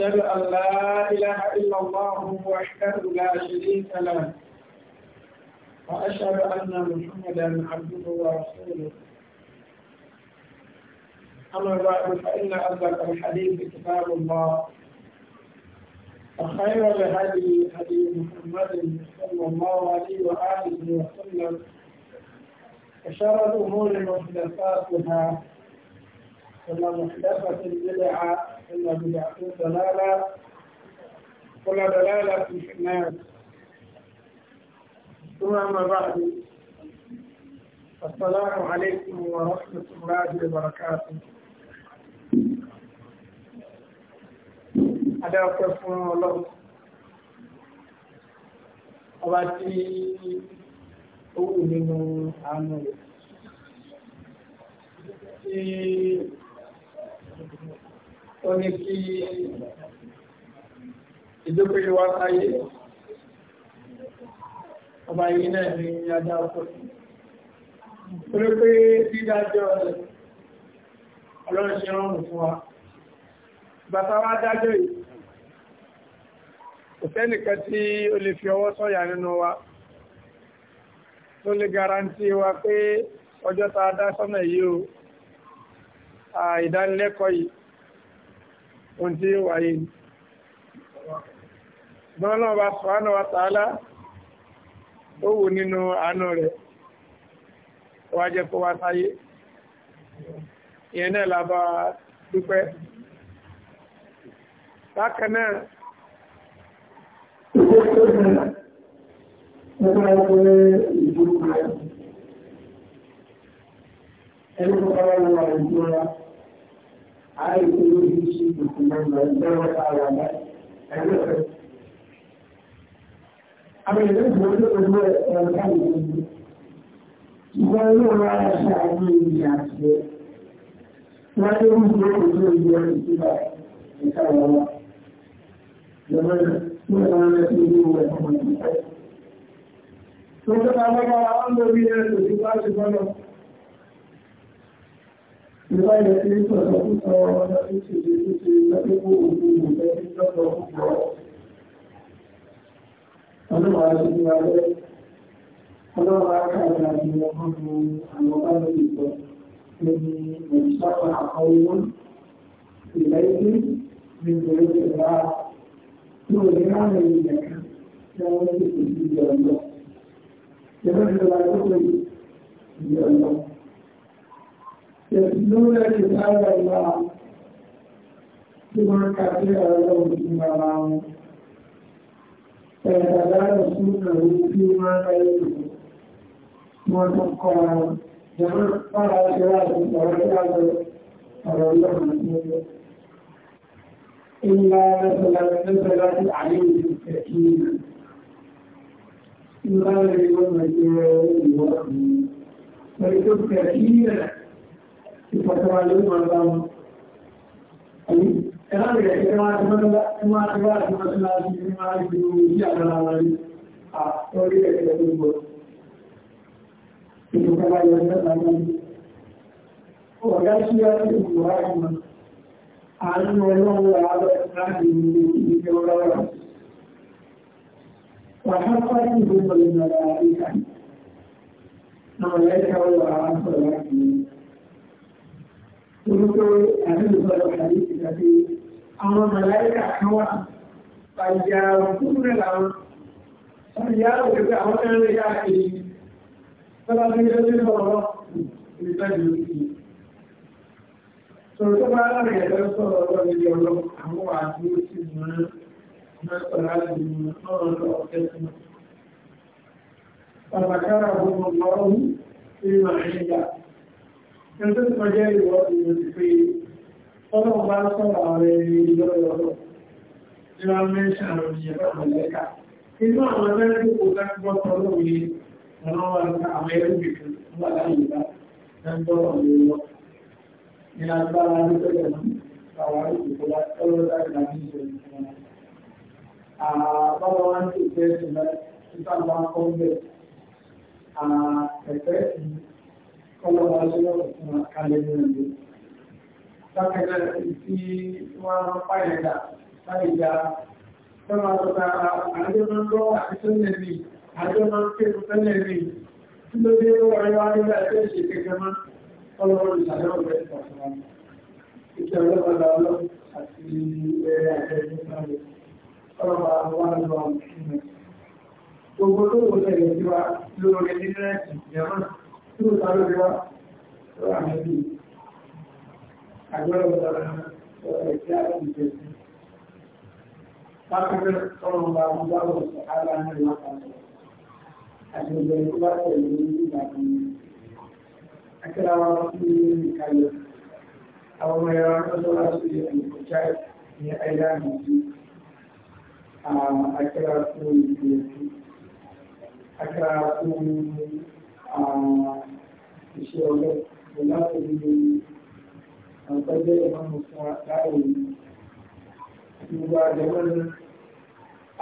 أشهد أن لا إله إلا الله وحده لا شريك له وأشهد أن محمدا عبده ورسوله أما بعد فإن أصدق الحديث كتاب الله وخير الهدي هدي محمد صلى الله عليه وآله وسلم وشر الأمور محدثاتها كل محدثة بدعة وكل بدعة ضلالة وكل ضلالة في النار ثم أما بعد السلام عليكم ورحمة الله وبركاته adáwọ̀pẹ́ fún ọlọ́run ọba tí ó wù nínú àánú rẹ̀ tí ó ní kí ìdókòyè wá sáyé ọba yìí náà ní adá ọkọ̀ torí pé dídájọ́ ọlọ́run ṣe rọrùn fún wa bàtà wá dájọ́ yìí kò sẹ́nìkan tí ó lè fi ọwọ́ sọ̀yà nínú wa tó lè garanti wa pé ọjọ́ tá a dá sọ́nà yìí o ìdánilẹ́kọ̀ọ́ yìí ohun tí ó wáyé ni ṣùgbọ́n náà bá subhanahu wa ta'ala ó wù nínú àánú rẹ̀ wá jẹ́ kó wá sáyé ìyẹn náà la bá dúpẹ́ bákan náà Ẹni tó bá wà ní ìjọra I believe she is a member of the Alabama. I mean, this was a little bit of a thing. Wọ́n yóò wá aṣọ àwọn ènìyàn àti wọ́n yóò ń gbé ojú ìwé ìtura ìta ìwọ̀n. Lọ́wọ́ tí wọ́n máa ń rẹ̀ sí ilé ìwé ọmọ ìpínlẹ̀. Tó ń tọ́ta lọ́wọ́ àwọn lórí ẹ̀sùn tí wọ́n ti Ìgbà ilẹ̀ tí ó sọ̀rọ̀ fún sọ ọmọdé tó ṣe lè tó ṣe lọ́pẹ́kọ́ ògùn ìgbẹ́ tí lọ́pọ̀ púpọ̀. Ọdún máa ṣe ní alẹ́, ọdún máa kàrà àti ọmọdé àwọn bá lórí ìtọ́. Ẹni ìṣàpá àkọwọ́ ìlẹ́gbẹ́ ní ìgbẹ̀rẹ̀ ìgbà tí ó lè ráàrin ìyẹ̀ká tí wọ́n ti pèsè ìjọ ọ̀dọ́. Ìjọba ìjọba tó pèsè ìjọ ọ̀dọ́. يتلون كتاب الله ثم كثير لهم فيما معهم فيتدارسونه فيما بينهم وتبقى جميع فراشات ورجال إلا مثلا نزلت عليه السكينة إلا لمن يجوز ويكون كثيرا ìfọ̀sọ̀rọ̀ lórí máa bá wọn. Ẹ̀rọ rẹ̀ ṣe máa ti máa ti máa ti máa ti máa ti máa ti máa ti sí àgbàrá wọn ní àtọ́rí ẹ̀ṣẹ̀ tó gbọ́. Ìfọ̀sọ̀rọ̀ yọ sẹ́ta ní ọ̀gá sí ọdún ìgbò láti mọ̀. Àánú ọlọ́run àárọ̀ láti ní ìgbẹ́ ọlọ́rọ̀. Wàhálà ní ìgbẹ́ ọlọ́rọ̀ àríkà. Àwọn ẹ̀ṣẹ̀ ọlọ́rọ̀ àárọ̀ láti ní Orúkọ àdúgbò àdúgbò àti àwọn màláìkà kan wà, àjà òkúrẹ̀ làwọn, àjà òkúrẹ̀ àwọn ẹ̀rẹ́ yá kiri, tọ́lá bí ó ti sọ̀rọ̀ ìtọ́jú sí. Sọ̀rọ̀ tó bá lára ẹ̀rọ sọ̀rọ̀ ọ̀rọ̀ ilé ọ̀rọ̀ àwọn àti ó ti mọ̀ náà sọ̀rọ̀ àti ọ̀rọ̀ ọ̀fẹ́ fún Bàbá kára gbogbo ọ̀rọ̀ ọ̀hún, ìrìn àṣẹjà ẹgbẹ́ tí wọ́n jẹ́ ìwọ́ ìlú pé ọlọ́run bá sọ̀rọ̀ ààrẹ ìlọ́rọ̀ ìlú amẹ́ṣà àwọn ìjẹ̀bá mọ̀lẹ́kà àwọn abẹ́rẹ́ tó kò dá gbọ́ tọ́lọ́ wá ní àwọn ẹrú bìkì wà láyé bá dáńgbọ́rọ̀ ìṣẹ̀lẹ̀ kọ́lọ̀ wá sí ọ̀rọ̀ fún àkálẹ̀ nínú ìlú. Bákanáà tí wọ́n pàyẹ̀dà láìjà tó máa sọ pé àjọ máa ń lọ àti tẹ́lẹ̀ mi, àjọ máa ń kéwù tẹ́lẹ̀ mi, tí ló dé ó wáyé wá nígbà tí ó ṣe kékeré máa kọ́lọ̀ wọ́n ìṣàlẹ̀ ọ̀rẹ́ ìtàkùn Ìṣẹ́ ọlọ́pàá lọ àti ẹ̀rẹ́ àjẹ́ ìgbésẹ̀ ọlọ́pàá wà lọ àwọn ìṣúná. Gbogbo tó wọlé ìjọba lórí nínú ẹ̀sìn ìjọba tí ó sáré rí wá lọ́wọ́ àwọn ẹbí àgbẹ̀rẹ̀ ọ̀dọ́ra ọ̀rẹ́ tí a ti jẹ sí. Pápẹ́rẹ́ ọ̀rọ̀ ọba àwọn báwọ̀ sàkárà ní ìwà kan sọ. Àgbẹ̀rẹ̀ tó bá tẹ̀lé ní ìgbà kan ní. Akẹ́lá wa sí ìkàlẹ̀. Àwọn ọmọ ẹ̀rọ akọ́sọ́lá sí ní àìlá iṣẹ́ ọlọ́ láti rí àpẹẹrẹ ìmọ̀mù fún láàrin gbogbo àjọwọ́ ní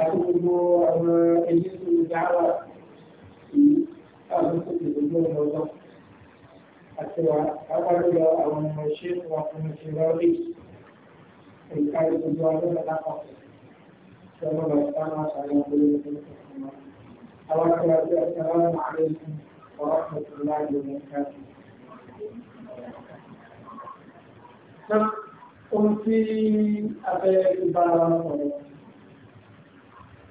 àti gbogbo àwọn ẹyí tó dára sí àbúkù ìgbogbo ọlọ́dọ́ àti wà ápàdúrà àwọn ọmọ iṣẹ́ wà fún ìṣẹ́ lọ́rí ìka ìgbogbo ọlọ́dọ́ lápapọ̀ tí ọlọ́dọ́ sáà máa ṣàyẹ̀wò lórí ìgbogbo àwọn akẹ́kọ̀ọ́ àti àwọn àmàlẹ́ ìgbogbo ورحمة الله وبركاته ohun tí abẹ́ ìbára ọ̀rọ̀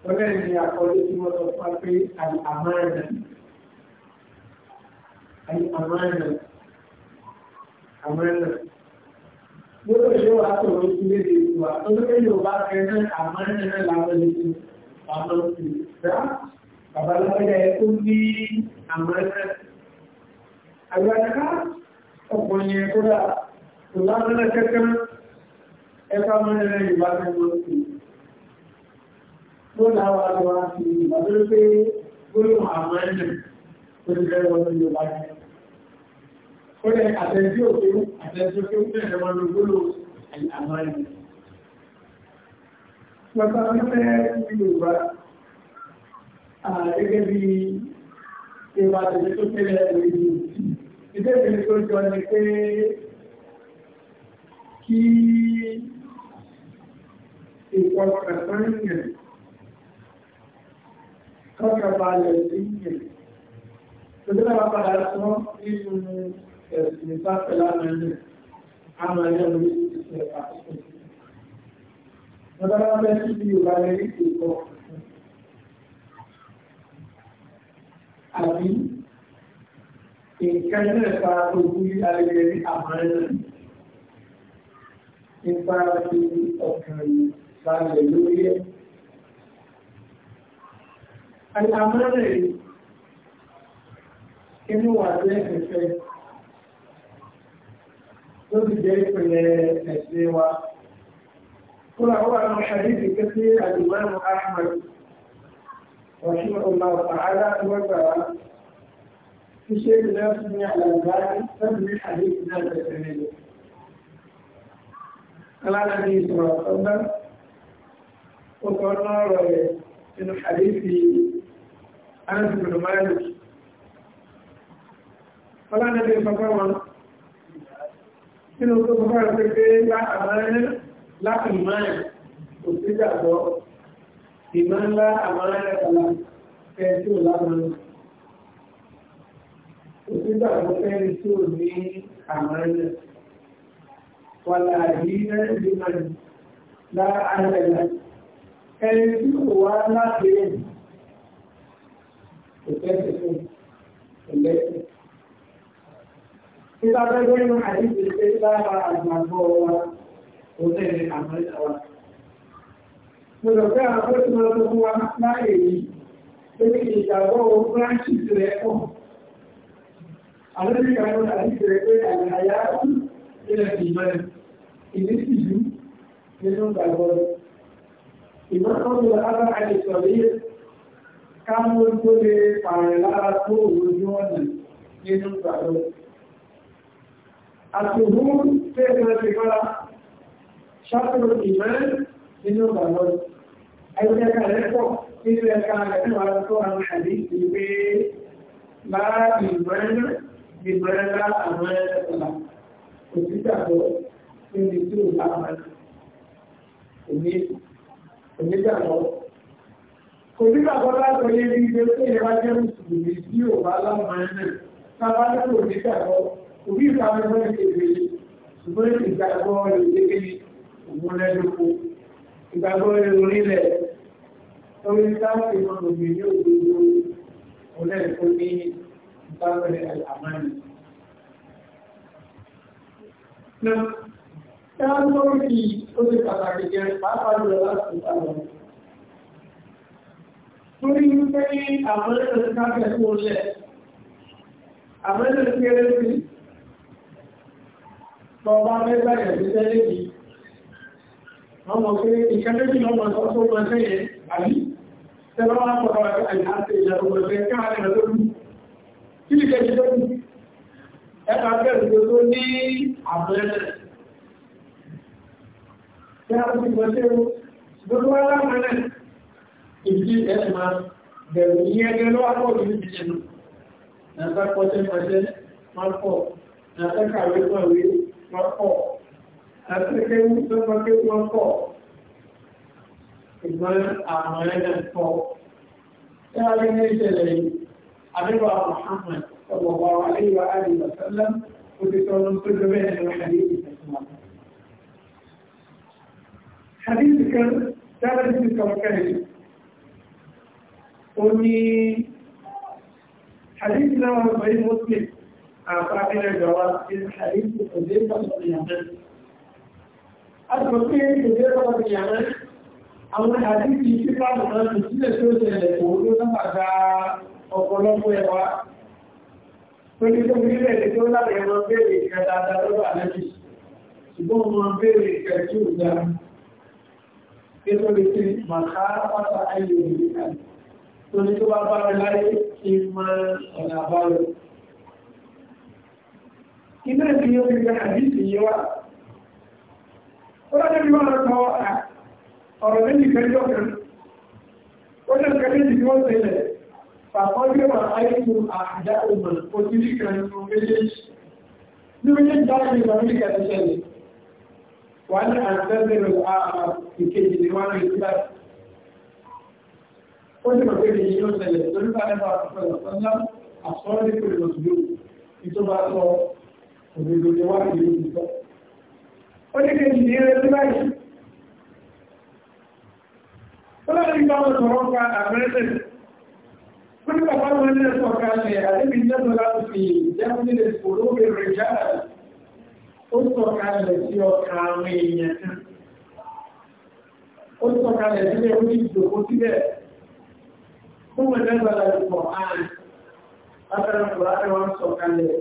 ọ̀rẹ́ ni àkọlé tí wọ́n sọ fún pé àmàrà àmàrà àmàrà yóò ṣe wà tó ló ti lé ìlú wa tó ló yóò bá fẹ́ náà àmàrà náà láwọn ilé tí wọ́n sí bàbá lọ́wọ́dá ẹ tó bí àmọ́ná àgbàdàká ọkùnrin yẹn kó dà kò lásánà kẹ́kẹ́rẹ́ ẹ̀fà mọ́nà ìbá Gbọ́nà àwọn àwọn àti ìbàdúró pé gbólóhùn àmọ́ ẹ̀nà tó ti bẹ̀rẹ̀ wọn ní Yorùbá jẹ́. Ó yẹ àtẹ̀jú òkè àtẹ̀jú òkè ó bẹ̀rẹ̀ wọn ní gbólóhùn àmọ́ ẹ̀nà. Gbọ́nà àwọn àti gẹ́gẹ́ bí ìwà tẹ̀lé tó tẹ́lẹ̀ lórí ìdẹ́gbẹ̀rẹ̀ tó jọ ní pé kí ìfọkàtàyàn kọ́kàbalẹ̀ síyàn tó tẹ́lẹ̀ wà padà sọ nínú ẹ̀sìn ìfàfẹ́lá mẹ́rin àwọn ẹ̀yọ́ lórí ìṣẹ̀lẹ̀ àkókò. Wọ́n dára bẹ́ẹ̀ sí ìwà rẹ̀ ní ìkọ̀ọ̀kan. àbí nǹkan náà fara tó kú ní ayẹyẹ ní àmàlẹ́ náà nípa ti ọkàn yìí balẹ̀ lórí ẹ̀. Àmàlẹ́ inú wà jẹ́ ẹ̀fẹ́ ló ti jẹ́ ìpìlẹ̀ ẹ̀sìn wa. Kúrò àwọn àwọn àṣàdé ìdíkẹ́ sí àdìmọ́ Ahmed. رحمه الله تعالى وتعالى في شيء لا يثني على الباقي فمن حديث ذات التمييز قال النبي صلى الله عليه وسلم وقال من حديثي انس بن مالك قال النبي صلى الله عليه وسلم إنه سبحانه وتعالى لا أمان لا إيمان وسيجعه ìmọ̀ ńlá àmọ́lá ẹ̀kọ́lá fẹ́ tí ò lábọ́n òsínbà tó fẹ́ni tí ò ní àmọ́lá wàlá àdínà ìdímọ̀ láàárẹ̀lá ẹni tí kò wá láti rẹ̀ kò tẹ́sẹ̀ fún ẹ̀lẹ́sẹ̀ Tí bá bẹ́gbẹ́ inú lára àgbàgbọ́ wa, ó tẹ́lẹ̀ àmọ́lá wa mo lọ fẹ́ àwọn tó máa tó fún wa láàyè yìí lórí ìgbàgbọ́ fúláṣì rẹ̀ pọ̀. Àwọn ìgbà wọn àti ìṣẹ̀lẹ̀ pé àyà ń ilẹ̀ ìmọ̀lẹ̀ ìdísì yìí nínú ìgbàgbọ́ rẹ̀. Ìmọ̀tọ́ ló lábá àìsàn yìí ká mú tó lè pààrẹ̀ lára tó òun ọ̀nà nínú ìgbàgbọ́ rẹ̀. Àtòhún ti gbọ́ra ṣáàtò ìmọ̀lẹ̀ nínú ìgbàgbọ́ ẹgbẹ́ ẹ̀ka rẹ̀ pọ̀ nínú ẹ̀ka rẹ̀ nínú ara tó àwọn àdé ti pé máa ìbẹ̀rẹ̀ ìbẹ̀rẹ̀ lá àwọn ẹ̀sọ̀lá kò sí ìgbàgbọ́ níbi tí ò bá wọn òní ìgbàgbọ́ kò sí ìgbàgbọ́ láti ọyẹ́ bí ibi tó yẹ bá jẹ́ mùsùlùmí tí ò bá láwọn ẹ̀sẹ̀ sábà lẹ́kọ̀ọ́ òní ìgbàgbọ́ òbí ìgbàgbọ́ ìgbàgbọ́ ìgbàgbọ́ ìgbàgbọ́ ìgbàgbọ́ ìgbàgbọ́ ẹrù nílẹ̀ lórí sáàpì wọn ò gbé ní òdodo òlẹ̀ tó ní ìbáwẹ̀rẹ̀ àmàlì. Táwọn orí ó ti pàtàkì jẹ pàápàá lọ láti ìtàwọn. Torí wípé àwọn ẹ̀rọ ti káfẹ́ tó lẹ̀, àwọn ẹ̀rọ ti kéré sí, tọba mẹ́ta ìrẹ̀sí tẹ́lẹ̀ yìí, wọ́n mọ̀ pé ìkẹ́lẹ́bí lọ́mọ tó mọ́ sẹ́yẹ àbí tẹ́lọ́wọ́ pọ̀pọ̀ àìyáṣẹ́ ìjọba ẹgbẹ́ káàrin lọ́rú kí ní kẹ́ ìjọba ẹgbà bẹ̀rẹ̀ tó tó ní àbẹ̀rẹ̀ tí a ti mọ̀ sí gbogbo alámẹ́rẹ̀ ìdí ẹ̀mà bẹ̀rẹ̀ ní ẹgbẹ́ lọ́wọ́ pọ̀ ní ìjẹnu nàtàkọ́ tẹ́ mọ̀ sẹ́ máa pọ̀ nàtàkàwé pọ̀ wé máa pọ̀ àti kí ní sọ́mọ kí wọ́n pọ̀ ṣùgbọ́n àwọn ẹ̀dẹ̀ pọ̀ tí a rí ní ìṣẹ̀lẹ̀ yìí àdébà Muhammad sallallahu alaihi wa alihi wa sallam ó ti sọ lọ sójú bẹ́ẹ̀ ní hadith ìtẹ̀síwá. hadith kan dára sí kọ̀ọ̀kẹ́rì ó ní hadith náà wọ́n sọ yìí Muslim àpapẹ̀lẹ̀ jọ̀wọ́ sí hadith òdébà ìyàmẹ́sì asòfin ìdílé ọmọdé yàrá àwọn àdíjì pípà lọ́nà tó sílẹ̀ tó ṣẹlẹ̀ kò ló náà gba ọ̀pọ̀lọpọ̀ ẹwà pẹ̀lú tó ní ilẹ̀ tó láti ẹmọ béèrè ìkẹ́ dáadáa lọ́wọ́ àlẹ́jì ṣùgbọ́n ọmọ béèrè ìkẹ́ tí ó dá nítorí lè fi màkà pátá ayé òmìnira tó ní tó bá bá rẹ láyé kí ọlọ́dẹ̀bí wọ́n lọ sọ ọ̀rọ̀ lẹ́yìn kẹjọ kẹrin ó lè kẹrin jù wọ́n tẹ́lẹ̀ pàpọ́jú wà áìkú àdá òmà òtírí kẹrin fún méjèèjì ní méjèèjì dáadé ìwà ní kẹta ṣẹlẹ̀ wà ní àtẹ́bẹ̀rẹ̀ àà ìkejì ni wọ́n rí sílá ó lè mọ̀ pé èyí yóò tẹ̀lẹ̀ lórí bá ẹ̀fà àfẹ́lẹ̀ àsọ́ọ́lẹ́kùnrin lọ́sùn yóò ìtọ́ba sọ òdòdó ni keta sele What is ni atebere aa ikeji ni won ri sila rí It's about yoo itoba so ododo ni won ri ilu ó ní kejì ní eré tó báyìí ó lọ́nà nípa àwọn sọ̀rọ̀ pa àpẹẹrẹ ó ní bàbá wọn ní ẹ̀sọ̀ kalẹ̀ àdébí jẹ́sọ̀ láti fi jẹ́kúndé lè fòró bèrè jáà ó sọ kalẹ̀ sí ọkà àwọn èèyàn kan ó sọ kalẹ̀ sílẹ̀ ó ní ìdòkó síbẹ̀ ó wọ́n dẹ́gbà láti pọ̀ áàrùn látara kùrá wọn sọ kalẹ̀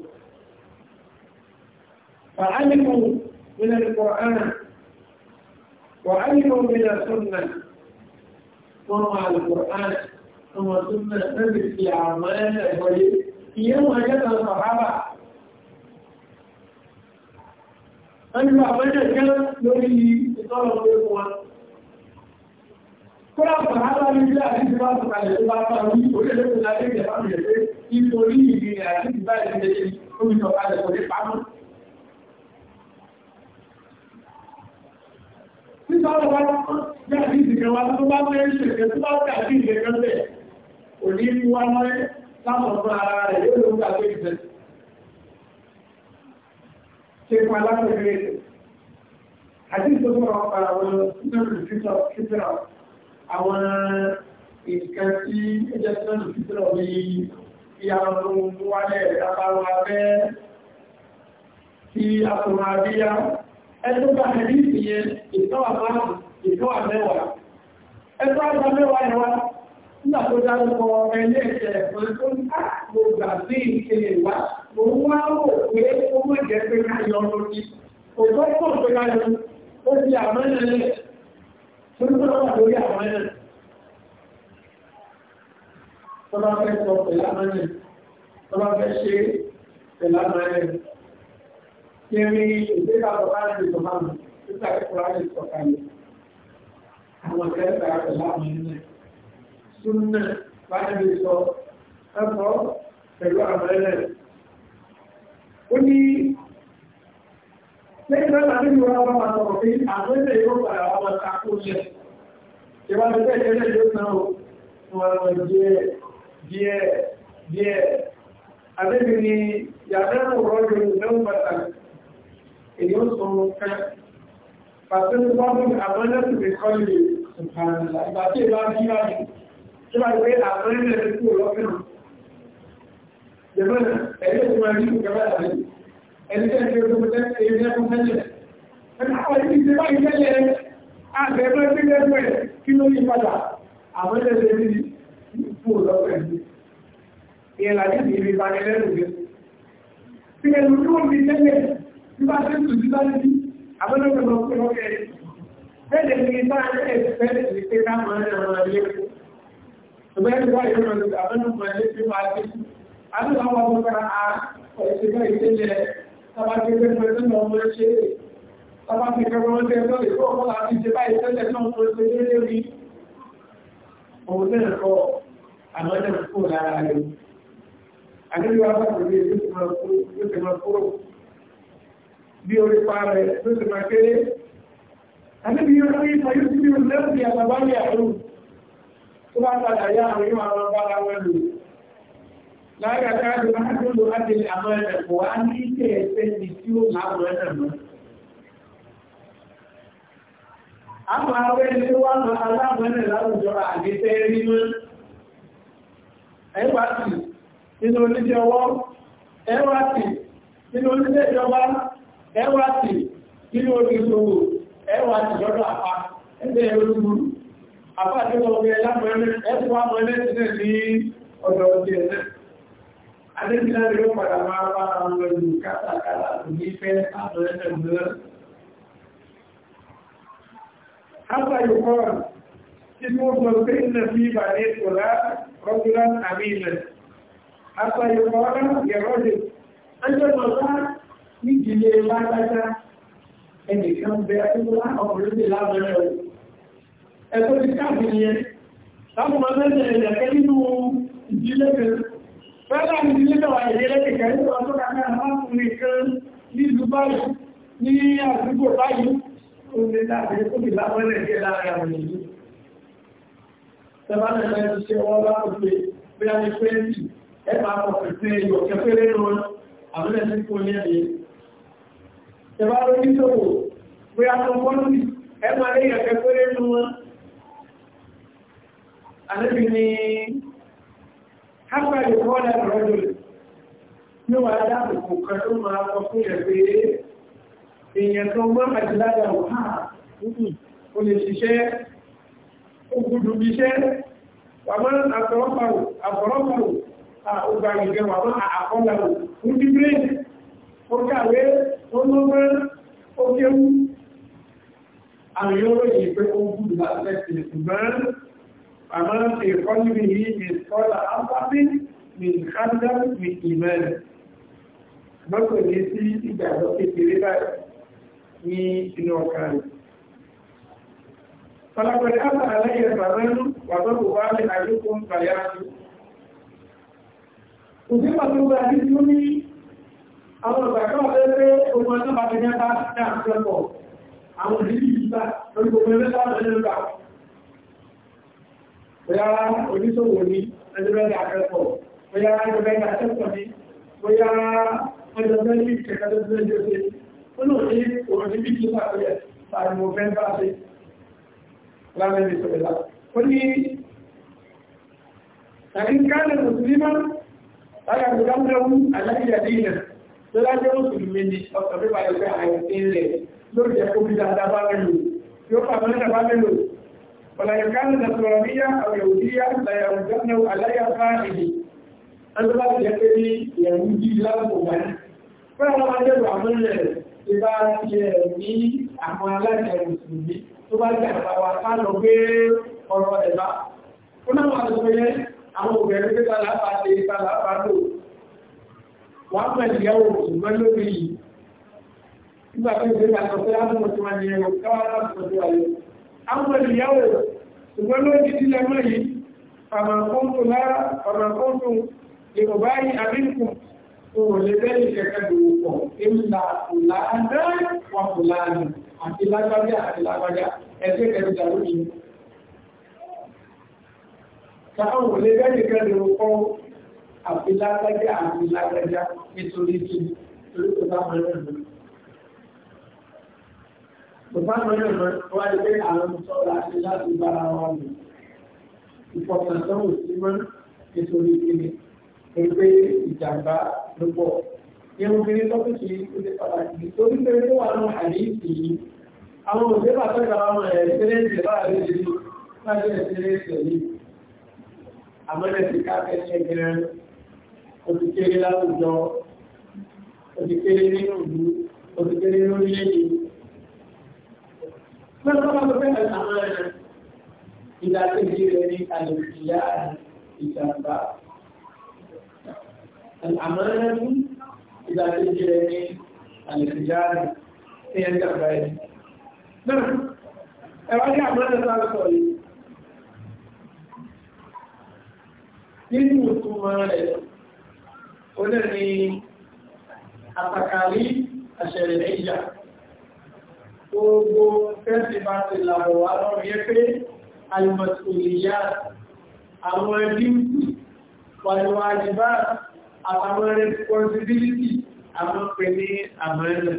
من القرآن وعلموا من السنة ثم القرآن ثم السنة نزل في أعمال في يوم جد الصحابة أن أبدا كان لوري يطلب بيقوان كل الصحابة يجب أن يتبعوا على الإباطة ويقول لك ذلك يفهم يجب يقول لي بأن يتبعوا على الإباطة bá wá jáde ìdìkan wá tó bá fẹ́ ṣẹ̀kẹ́ tó bá kàdí ìdìkan bẹ̀ kò ní ní wá mọ́ látọ̀tọ̀ ara rẹ̀ yóò ló ń gbà pé ìfẹ́ ṣe pa látọ̀gbẹ̀rẹ̀ àti ìtọ́jú àwọn ìtọ́jú títọ́ títọ́ àwọn ìkan tí ẹjẹ́ títọ́jú títọ́ ní ìyàwó tó ń wálẹ̀ lápá wọn abẹ́ tí a tó máa bí yá ẹ̀tọ́ gba àdíjì yẹn ìtọ́wà márùn-ún ìtọ́wà mẹ́wàá ẹ̀tọ́ àgbà mẹ́wàá ẹ̀wà nígbà tó dárúkọ ẹlẹ́ ẹ̀ṣẹ̀ ẹ̀fọn tó ń ká mo gbà sí ìṣẹ̀lẹ̀ wá mo ń wá rò pé ó mọ̀ jẹ́ pé ká yọ lórí fẹ́ sọ pẹ̀lú àmọ́nà tó fẹ́ ṣe pẹ̀lú àmọ́nà kiri ìgbéga sọ̀kalẹ̀ ní sọ̀kalẹ̀ títà ìkùránì sọ̀kalẹ̀ àwọn ẹ̀ẹ́ta pẹ̀lú àwọn ilẹ̀ súnmọ̀ báyìí sọ ẹ̀kọ́ pẹ̀lú àwọn ilẹ̀ ó ní lẹ́yìn náà láti ní wọ́n wọ́n sọ pé àwọn ilẹ̀ yóò padà wọ́n wọ́n ta kó jẹ ìwádìí bẹ́ẹ̀ ilẹ̀ yóò náà wọ́n wọ́n jẹ díẹ̀ díẹ̀ èyí ó sọ wọn fẹ́ pàṣẹ tó bá mú àbọ́lẹ́sì lè kọ́ lè ṣùgbọ́n ìgbà tí ìbá bí wá ní tí wá ìwé àbọ́lẹ́sì lè kú lọ́fẹ́ náà jẹ́mọ́ ẹ̀yẹ́ tó máa ní ìjọba àbẹ́ ẹni tẹ́ ẹgbẹ́ tó tẹ́ èyí ẹkùn tẹ́lẹ̀ ẹni àwọn ìdí ti báyìí tẹ́lẹ̀ àbẹ̀bẹ̀ tí lẹ́gbẹ̀ kí bí bá ṣe ń tù sí sáré bí abẹ́lẹ́gbẹ̀ lọ pé ọkẹ́ bẹ́ẹ̀ ni bá ṣe ẹ̀fẹ́ ní pé ká máa ń rán ayé ṣùgbọ́n ẹni wá ìrìn àjò abẹ́lẹ́gbẹ̀ máa lé sí máa dé àbúrò àwọn ọmọ kára a ọ̀ṣẹ̀ bá ìṣẹ̀lẹ̀ sábà ti fẹ́ fẹ́ tó lọ mọ́ ṣe sábà ti fẹ́ wọ́n tẹ́ lọ́lẹ̀ tó ọkọ̀ láti ṣe bá ìṣẹ̀lẹ̀ náà mọ́ ṣe lé lórí máa kúrò bí orí pa rẹ̀ ló ti máa kéré. Àníbi yóò rí ìfà yóò ti bí orí lẹ́sìn àgbàbá ní àrùn tó bá padà yá àwọn yóò àwọn bá ara wọn lò. Láàrín àkáàdì máa tó lò láti lè àwọn ẹ̀rẹ̀ kò wá ní ìtẹ̀ ẹ̀sẹ̀ ní tí ó máa wọ̀ ẹ̀rẹ̀ mọ́. Àwọn àwọn ẹni tó wá lọ aláàbọ̀nẹ̀ láwùjọ àgbẹ̀fẹ́ rí mọ́. Ẹ̀wà sì nínú oníṣẹ́ ọwọ́, ẹ̀wà sì nínú oníṣẹ́ ìjọba, ẹwà tì nínú orí ìṣòwò ẹwà tì lọ́dọ̀ àpá ẹgbẹ́ olúgbùrú àpá tí wọ́n wọ́n ẹlámọ́ẹ́lẹ́ ẹ̀fún wa mọ́ ẹlẹ́sìn ní ọ̀dọ̀ ọdí ẹ̀lẹ́ adébílá rẹ̀ ó padà máa bá àwọn ẹlù kátàkárà ní fẹ́ àwọn ẹlẹ́ mìíràn Hasa yóò kọ́ tí wọ́n sọ pé ìnà fi nídìílé lágbájá ẹnìkan bẹ ẹgbẹ́lá ọkùnrin lè lábẹ́rẹ́ o ẹ̀tọ́ ti káàkiri yẹn láwọn ọmọ mẹ́rin ẹ̀yẹ̀kẹ́ nínú ìdílé kan fẹ́lá ní ilé náà a kẹ̀kẹ́ nínú ọjọ́ kankan alákùnrin kan nílùú báyìí ní àdúgbò báyìí ó lè lábẹ́ ó lè lábẹ́rẹ́ díẹ̀ lára àwọn èyí tẹ́bá náà ti ṣe wọ́n bá kò a bí a ní pẹ́ẹ́ntì ẹ máa kọ̀ pẹ̀sẹ̀ ìyọ̀kẹ́ pẹ́rẹ́ lọ́wọ́ àwọn ẹ̀sìn kò ní ẹ̀yẹ ẹ̀bá ló ní sòwò bóyá tó pọ́lùmí ẹ máa rí ẹ̀kẹ́ péré nù wọn àlébì ni hápá lè kọ́ ọ̀dà rọ́dù ní wàá dáàbòbò kan ló máa sọ fún yẹn pé èèyàn tó mọ́ àjìlága wà ó lè ṣiṣẹ́ ó gbúdú bí iṣẹ́ wàmọ́ àtọ̀rọ̀pàwò àtọ̀rọ̀pàwò àgbàgbẹ̀ wàmọ́ àkọ́làwò ó dí bírèkì ó kàwé tó ló mẹ́ ó kéwú àyọ́rò yìí pé ó gùn láti ṣùgbọ́n àmá ṣe kọ́ níbi yìí ní sọ́lá ápábí ní kádà ní ìmẹ́rẹ̀ mọ́kò ní sí ìgbàgbọ́ kékeré báyìí ní inú ọkà rẹ̀ Fọlápẹ̀lẹ́ àpá aláyẹ̀ bàbẹ́rú wà tó kò wá ní àjúkùn bàyá. Òṣèpàá tó gbà ní tí ó ní àwọn ìgbàgbọ́ pé ogun ọjọ́ bá ti jẹ́ta ní àpẹẹpọ̀ àwọn ìdílé ìgbà lórí gbogbo ẹgbẹ́ sáwọn ẹgbẹ́ gbà bóyá oníṣòwò ní ẹgbẹ́ àpẹẹpọ̀ bóyá ẹgbẹ́ àpẹẹpọ̀ ní bóyá ẹgbẹ́ ní ìkẹ́kẹ́ tó tẹ́lẹ̀ jẹ́ sí ó lò ní òun ní bí kí sàpẹ̀lẹ̀ tàbí mo fẹ́ bá sí lábẹ́ ìṣẹ̀lẹ̀ ó ní لكن كان مسلما فلا يدمر على يدينه tó lájẹ́ mùsùlùmí ni ọkàn bí balẹ̀ pé àìsí rẹ̀ lórí jẹ́ kó bí dáadáa bá mẹ́lò yóò fà mọ́ nígbà bá mẹ́lò ọ̀làyẹ̀kánù nàtọ̀rọ̀míyà àwẹ̀wòdíyà làyàwòdánù aláyàfá ìdí ẹgbẹ́ láti jẹ́ pé ní ìyàwó jí láàbò wá fún àwọn ajẹ́rù àmúlẹ̀ ti bá yẹ ní àwọn aláìsí mùsùlùmí tó bá jẹ́ àtàwà sálọ gbé ọ̀rọ̀ ẹ̀bá fún àwọn àtúnfẹ́yẹ àwọn obìnrin pé tàlàfà ṣe tàlàfà lò wọ́n mẹ́lì yẹ́wò ṣùgbọ́n lórí yìí nígbà tó ṣe àtọ́fẹ́ ápùpọ̀tí wọn ni ẹ̀rọ káwọn ápùpọ̀tí wọn yìí ápùpọ̀tí yẹ́wò ṣùgbọ́n lórí sílẹ̀ mọ́ yìí ọ̀nàkóńtò lára ọ̀nàkóńtò yorùbá yìí àbíkù òun lè bẹ́ẹ̀ kẹ́kẹ́ lòó pọ̀ ìmìlà fùlàdá wà fùlàdì àti lágbájá àti lágbájá ẹgbẹ́ kẹ́kẹ́ dàrú yìí. Táwọn òun lè bẹ́ẹ̀ kẹ́kẹ́ lòó pọ̀ àfi lágbájá àfi lágbájá nítorí tí torí kò bá mọ̀ ẹ̀rọ kò bá mọ̀ ẹ̀rọ wá ní pé àwọn sọ̀rọ̀ àti láti bára wọn lò ìfọ̀kànsánwò sí mọ́ nítorí kíni torí pé ìjàmbá ló pọ̀ irun kiri tọ́kùtì ó ti pàtàkì torí pé ó wà nù àdéhìsì yìí àwọn òṣèlú àtọ́jà àwọn ẹ̀ẹ́dẹ́gbẹ̀rẹ́ ìjẹ̀bá àdéhìsì yìí máa jẹ́ ìṣẹ̀lẹ̀ ìṣẹ̀lẹ̀ àmọ́lẹ̀ ti ká ẹ̀ṣẹ̀ gẹ̀rẹ́ ó ti kéré láwùjọ ó ti kéré nínú ìlú ó ti kéré lórílẹ̀-èdè. Mẹ́ta bá fẹ́ àwọn ẹ̀rẹ̀ ìdákejì rẹ̀ ní àlòkìyà ìjàmbá. Àmọ́rẹ́ ní ìdákejì rẹ̀ ní àlòkìyà ní ẹ̀jàmbá ẹ̀. Náà, ẹwà ní àmọ́rẹ́ sáré sọ yìí. Nínú ìtumọ̀ rẹ̀ oní ní àtàkàrí àṣẹ̀rẹ̀ nàíjà gbogbo fẹ́sì bá ti làbọ̀ wà lọ́rọ̀ yẹ́ pé alìmọ̀tòlìyà àwọn ẹbí wàlúwàjìbá àtàwọn responsibility àwọn pè ní àmọ́ẹ̀lẹ̀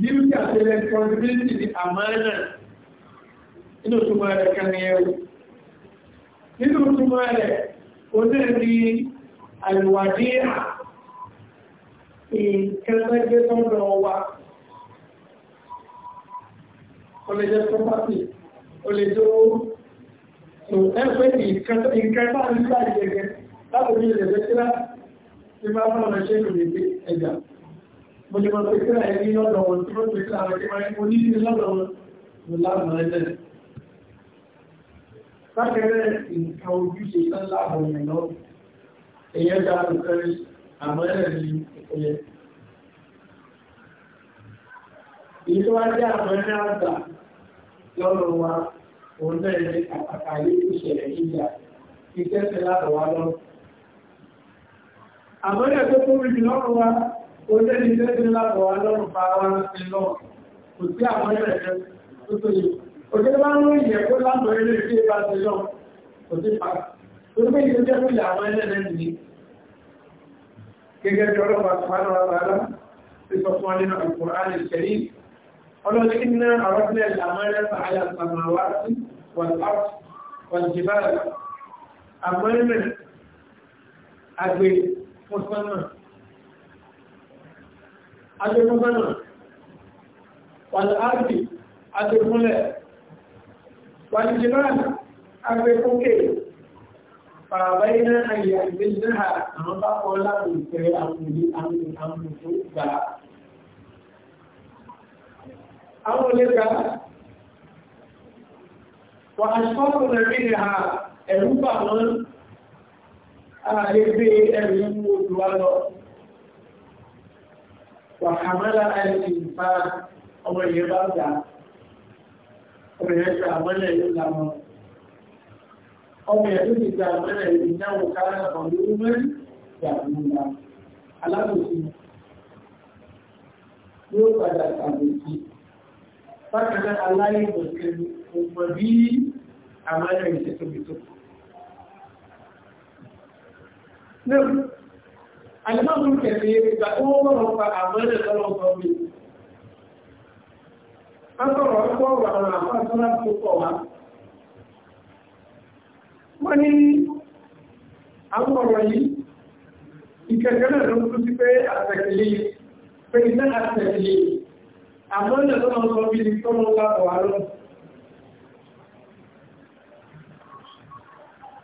Duty àti responsibility ni àmọ́ẹ̀lẹ̀ inú túnmọ̀ rẹ̀ kan ní ẹrù. Nínú túnmọ̀ rẹ̀ onírí àìwàdí ìkẹ́lẹ́gbẹ́ tó ń lọ wa o lè jẹ́ pọ́pátì o lè tó ẹgbẹ́ ìkẹta nígbà ìgbẹ̀gẹ̀ látòrí ìrẹ̀gbẹ́ síra tí máa bá ọ̀nà ṣe ìrìnlẹ̀ ẹ̀dà mo lè mọ̀ pé síra ẹni lọ́dọ̀ wọn tí wọ́n pè síra rẹ̀ kí máa ń mo ní sí lọ́dọ̀ wọn mo láàmú ẹ̀dẹ̀ Sákẹ́rẹ́ nǹkan ojúṣe sánlá àwọn ìrìnà èyẹ dáadọ́ kẹrẹ àmọ́ ẹ̀rẹ̀ ní ẹ̀yẹ. Èyí àmọ́ ẹ̀rẹ́ àgbà lọ́rọ̀ wa, òun náà ní àpàkàlé ìṣẹ̀lẹ̀ ìjà, ìtẹ́sẹ̀ látọ̀ lọ́rọ̀. Àmọ́ ẹ̀rẹ́ tó kó òṣèlú bá ń mú ìyẹ̀ kó láàbọ̀ ilé ìfẹ́ bá ti lọ kò sí pa tó gbé ìlú jẹ́ pílẹ̀ àwọn ẹlẹ́lẹ́ nìyí gẹ́gẹ́ bí ọlọ́pàá sọ́pàá lọ́wọ́ bàbá ti sọ fún ọdún Al-Qur'an Al-Karim ọlọ́dún iná àwọn ilẹ̀ àmọ́rẹ́ sàáyà والجبال أبقوكي فبين أن يعزلنها أنطا ولا بكري أمودي أمودي أمودي أو لك وأشفاقنا منها ẹ̀rúgbà wọn ààrẹ́gbé ẹ̀rí mú olùwà lọ wàhàmálà àìsìn bá ọmọ ìyẹn bá dáa òyìnbó àmọ́lẹ̀ yóò lámọ́. Ọmọ ẹ̀dùn ti gba àmọ́lẹ̀ ìdáwò kára ọ̀dọ́ mẹ́rin ìgbàmúra. Alábòsí yóò padà tàbí Bákanáà aláìbọ̀sẹ̀ ọmọ bí àmọ́lẹ̀ ìṣẹ́tóbi tó. Náà, àlùmọ́ sọ̀rọ̀ ọ̀pọ̀ ọ̀rọ̀ àwọn àfáàsọ́lá tó pọ̀ wá. Wọ́n ní àwọn ọ̀rọ̀ yìí, ìkẹ̀kẹ́ náà ló kú sí pé àtẹ̀kẹ̀lé, pé iná àtẹ̀kẹ̀lé, àmọ́ ìlẹ̀ tó lọ sọ bí i tó lọ lábọ̀ àárọ̀.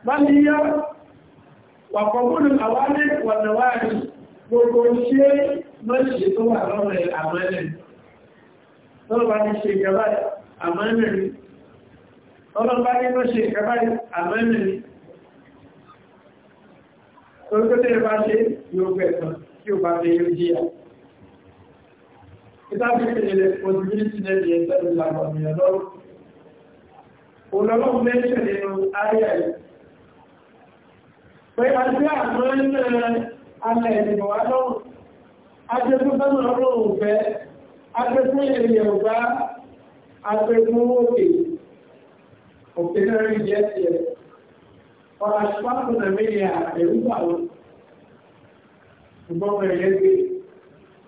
Bá ní yá, wà kọ̀gbọ́nù àwálé wà gbogbo tọ́lọ́bá ní ṣe ìjọba àmọ́nìrí tọ́lọ́bá ní ló ṣe ìjọba àmọ́nìrí torípẹ́tẹ́ bá ṣe yóò gbẹ̀sán tí ó bá fẹ́ yóò jíyà ìtàbíkẹ̀lẹ̀ pọ̀tìbílítì lẹ́bí ẹ̀sẹ̀ ìlànà ìrìnà lọ́rùn olọ́lọ́run mẹ́ṣẹ̀ nínú àríyà yìí pé a jẹ́ àmọ́ ń afẹ́fún ilẹ̀ Yorùbá afẹ́fún òkè òkè náà rí jẹ́ tiẹ̀ ọ̀rọ̀ àṣùpákùn náà mẹ́rin àtẹ̀rúgbà wọn ṣùgbọ́n wọn ẹ̀yẹ́ gbé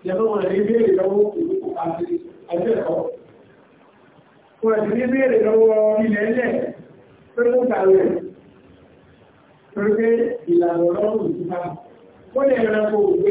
ìjọba wọn ẹ̀yẹ́ béèrè lọ́wọ́ òkè kò àti ẹgbẹ́ ẹ̀kọ́ wọn ẹ̀sìn ní béèrè lọ́wọ́ ilẹ̀ ẹlẹ̀ pé kó kàwé pé ìlànà ọlọ́run ìtura wọn lè rẹ̀ kó gbé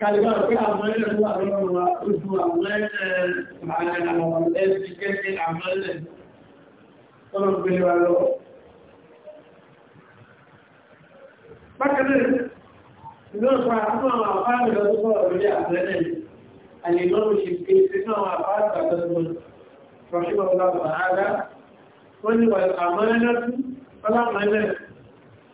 kàlùbà pé àmọ́lẹ̀ wà lọ́rọ̀ wa ojú àmọ́lẹ̀ àwọn ẹ̀sìn kẹ́kẹ́ àmọ́lẹ̀ tọ́lọ̀ gbé wa lọ. Bákanáà, ìlọ́pàá àwọn àwọn àfáàmì lọ́dún orí àmọ́lẹ̀ àlèmọ́rù ṣe pé sínú àwọn àfáàmì lọ́dún rọ̀ṣíwọ̀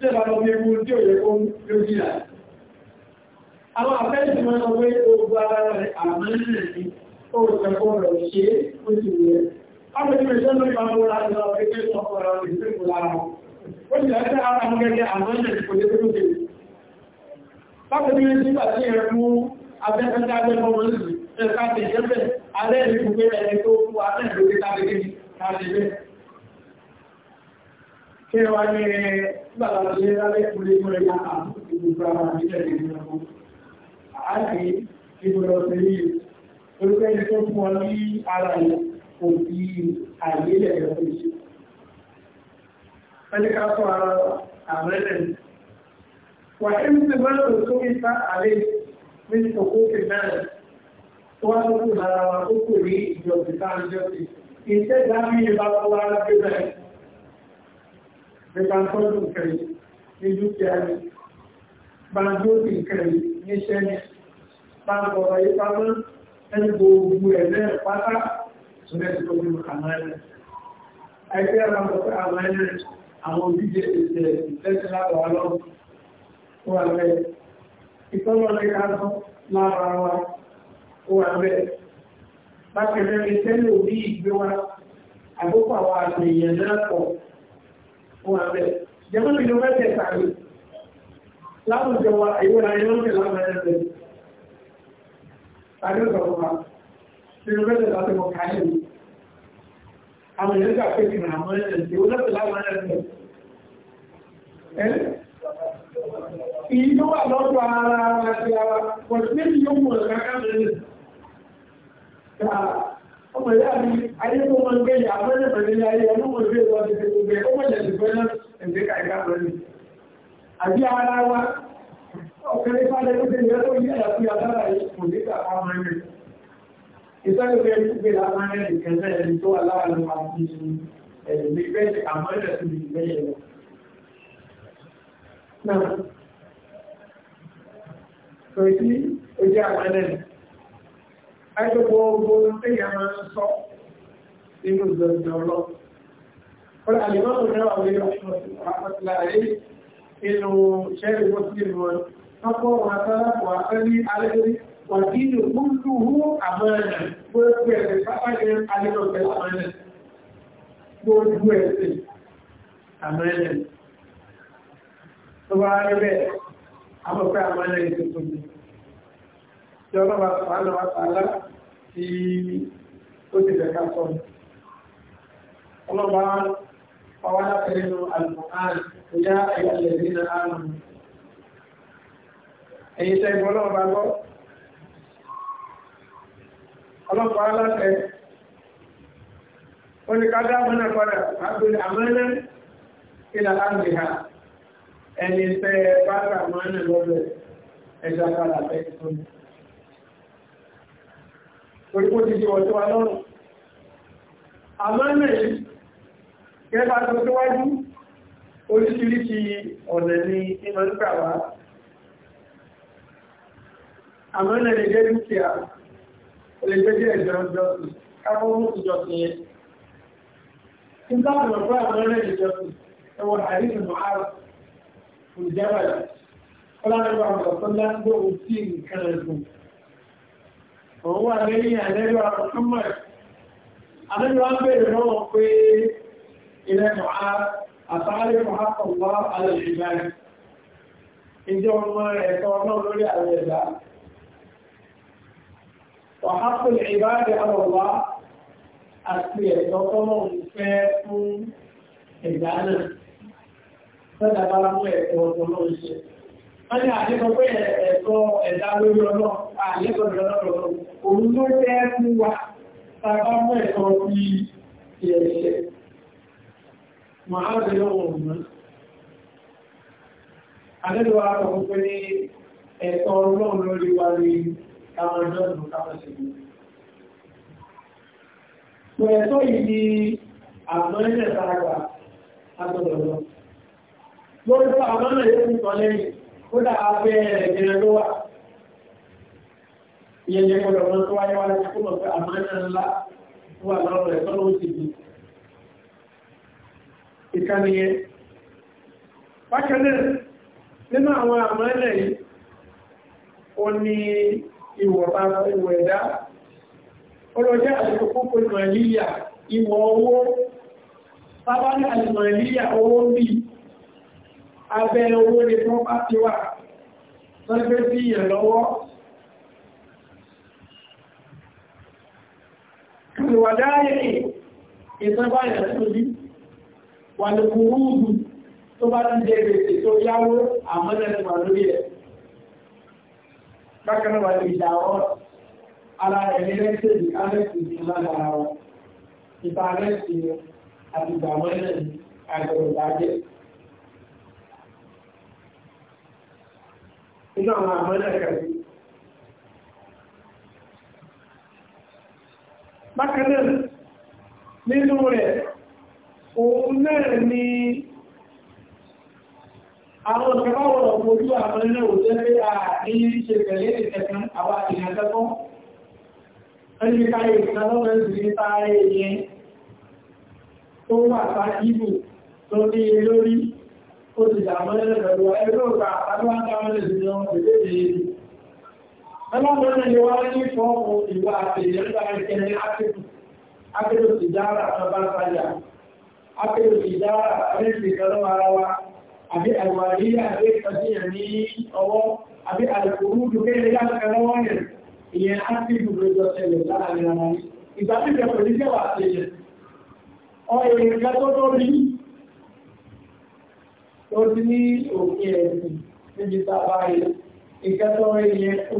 tí ẹ̀bà lọ bí ewu tí ó yẹ kó lórí rẹ̀. Àwọn àfẹ́sì máa ń wé ogun ara rẹ̀ àmọ́lẹ̀ ní oòrùn rẹ̀ ṣe ó ti rẹ̀. Ọmọdé mẹ́jọ́ lórí máa ń wọ́n lọ rí pé sọ́kọ̀ rẹ̀ rí sí ìpòlára. Ó ti rẹ̀ tẹ́ ara mú gẹ́gẹ́ àmọ́lẹ̀ kò lé tó dé. Bákan ní nígbà tí ẹ mú abẹ́fẹ́ta abẹ́fọ́ wọn sì, ẹ̀ka tẹ̀jẹ́ bẹ̀, alẹ́ ìrìnkú pé ẹni tó kú alẹ́ kí wá ní bàbá ṣe alẹ́kùnrin mú ẹgbà àti ìgbà àjíjẹ̀ ìgbìyànjú àti ìgbìyànjú sí orúkẹ́ ìlú tó fún ọ ní ara rẹ̀ kò fi àyè ilẹ̀ rẹ̀ fún iṣẹ́ ẹni ká sọ ara àrẹ́lẹ̀ wà ní ti bọ́lọ̀ tó ń ta àrẹ́ ní òkú ti bẹ̀rẹ̀ tó wá tó kù lára wa ó kù ní ìjọsìn tá à ń jọ́sìn ìṣẹ́gbàmí ìbáwọ́ wa gbé bẹ̀rẹ̀ pé bá ń tọ́jú nǹkan yìí ní dúkìá ni bá ń tọ́jú nǹkan yìí ní iṣẹ́ ni bá ń tọrọ yìí pamọ́ ẹni gbogbo ẹ̀ náà pátá ṣùgbọ́n ti tóbi àmàlẹ́ ẹgbẹ́ àwọn ọ̀pọ̀ àmàlẹ́ àwọn òbíje ètò ìtẹ́sí lábọ̀ wa lọ́wọ́ ó wà bẹ́ẹ̀ ìtọ́lọ́ ní ká lọ wọn abẹ́ jẹ́mọ́ mi ló mẹ́tẹ̀ sáré láwùjọ wa ìwọ́n ayé wọ́n tẹ̀ láwọn ẹ̀rẹ́ sáré ọ̀dọ̀ wa mi ló mẹ́tẹ̀ láti mọ̀ káyé mi àwọn èèyàn gbà pé kì í àwọn ẹ̀rẹ́ ìwọ́n tẹ̀ láwọn ẹ̀rẹ́ Èyí tó wà lọ́dọ̀ ara ara ti ara, kò sí méjì yóò mú ọ̀rẹ́ kákàmẹ́rin ọmọ ìyá mi ayé tó máa ń gbé ìyá abẹ́rẹ́ pẹ̀lú ayé ọlọ́mọ ìgbé lọ sí ti gbogbo ọmọ ìyá ti fẹ́ náà ẹ̀dẹ́ kàìká lọ ní. àbí ara wa ọkùnrin fàlẹ́ tó ti yẹ tó yí àyàfi àdára yìí kò ní kà á mọ ẹni. ìsẹ́yìn fẹ́ gbé láwọn ẹni kẹsẹ̀ ẹni tó wà láàárín wa ti ẹ̀yìn ní bẹ́ẹ̀ àmọ́ ẹ̀rẹ̀ tó ti bẹ́ẹ̀ lọ. náà sọ èyí ó jẹ́ àmọ́ ẹni ẹgbẹ́ gbogbo tẹ́yà máa ń sọ nínú ìgbẹ̀rẹ̀ ọlọ́ Ọlá àlèmọ́nù náà wọ́n yọ àpàtàlàyé inú ṣẹ́rì mọ́sílì wọn, ọkọ̀ wọn àtàlàpọ̀ àtàlì alẹ́rí wà kí ní kúrúhú àmọ́ẹ̀nà gbogbo ẹ̀sẹ̀ pápáyẹ alẹ́lọ́pẹ̀ àmọ́ẹ̀nà. Gbogbo ẹ̀sẹ̀ àmọ́ẹ̀nà. Tó bá tí ó ti lẹ̀ka sọ. Ọlọ́ba ọwọ́ látẹ̀lé nu àlùmọ́án tó yá ẹ̀yà lẹ̀lé ní àrùn. Ẹ̀yin tẹ́ ìwọ ọlọ́ba gbọ́. Ọlọ́ba látẹ̀ ó ní ká dá mọ́nà padà àgbélé àmọ́nà ìlà àmì ha. Ẹni tẹ́ bá tà mọ́nà lọ́dọ̀ ẹja padà bẹ́ẹ̀ tó ní torí kó ti di wọ̀ tí wà lọ́rùn àmọ́nà yìí gẹ́gbà tó tíwájú oríṣiríṣi ọ̀nà ni ìmọ̀ ń gbà wá àmọ́nà lè jẹ́ dúkìá lè jẹ́ jẹ́ ìjọ́jọ́sìn káfọ́ mú ìjọsìn yẹn tí ń dábò lọ fún àmọ́nà ìjọsìn ẹwọ̀n àríṣì mọ̀hárà olùjábàlá ọlọ́run àwọn òun wà lẹ́yìn àlẹ́lú àkọ́kọ́mọ̀ àlẹ́lú wá bèèrè lọ́wọ́ pé ilẹ̀ mọ̀á àtàrí mọ̀hákọ̀lá alẹ́lẹ́gbẹ̀rẹ̀ ìjọ ọmọ ẹ̀tọ́ náà lórí àwọn ẹ̀dá wàhákùn ìbáàdẹ̀ àwọ̀wá àti ẹ̀tọ́ tọ́mọ̀ fẹ́ fún ẹ̀dá náà sọ́dà àlébọ̀dọ̀ lọ́rọ̀ òun ló jẹ́ fún wa tàbá mọ́ ẹ̀kọ́ bí i ẹ̀ṣẹ̀ máa rẹ̀ lọ́wọ́ mọ́ àlébọ̀ àkọ́kọ́ pé ní ẹ̀kọ́ ọlọ́run lórí wa rí àwọn ìjọ́nù kápẹ́sì pẹ̀ẹ̀tọ́ yìí ni àmọ́ ẹ̀ṣẹ̀ tààgbà agbọ̀dọ̀lọ́ lórí fún àmọ́ ẹ̀ṣẹ̀ tààgbà ó dà abẹ́ ẹ̀rẹ̀ lọ́wọ́ ìyẹn yẹn gbọ́dọ̀ wọn tó wáyé wáyé kó lọ sí àmàlà ńlá tó wà lọ́rọ̀ rẹ̀ tọ́lọ́ ó sì bí. ìkànnì yẹn bákan náà nínú àwọn àmàlà yìí ó ní ìwọ̀ bá ìwọ̀ ẹ̀dá ọlọ́jẹ́ àti kókó ìmọ̀líyà ìwọ̀ owó sábà ní àìmọ̀líyà owó bí abẹ́ owó ní fún pàtíwà lọ́gbẹ́ sí ìyẹ̀ lọ́wọ́ wàdáyẹ̀ ìsẹ́báyẹ̀ lójú wà ní kúrúùdù tó bá ti jẹ́ gbèsè tó yáwó àmọ́lẹ́nu wà lórí ẹ̀ bákanáà wà ní ìdáwọ́ ara ẹ̀mí rẹ́sẹ̀lì alẹ́sì ti lágbára wọn ìta alẹ́sì àti ìgbàmọ́lẹ̀ àgbẹ̀rọ̀dájẹ́ inú bákanáà nínú rẹ̀ òun náà ni àwọn ìfẹ́báwọ̀ ojú àwọn ilé òjẹ́ pé a ní ṣe pẹ̀lẹ́ ìtẹ̀kan àwọn ìrìnàjẹ́kọ́ ẹni káyé ìtàlọ́wọ́ ìrìn táyé yẹn tó wà sáàkìbù tó ní lórí ó ti dàmọ́ ẹ̀rọ ẹ̀rọ ìgbà àtàlọ́wọ́ Ọlọ́run ni wá ní fọ́ọ̀mù ìwà àtẹ̀yẹ nígbà ìkẹni ápẹ́lò ti dára àtọ́bá sáyà, ápẹ́lò ti dára àrẹ́sì ìkẹ́lọ́ ara wa, àbí àìwàríyà àbí ìkọsíyàn ní ọwọ́, àbí àìkòrú dùkẹ́lẹ̀ lákẹ́lọ́wọ́ rẹ̀, ìyẹn ápẹ́lò lójọ́ tẹ̀lẹ̀ láàrin ara ní. Ìgbàtíjẹ̀ pẹ̀lú jẹ́wà àtẹ̀yẹ. Ọ èrè kẹ́tọ́ tó rí, tó ti ní òkè ẹ̀sìn níbi tá a ìkẹ́tọ́rọ ilẹ̀ ó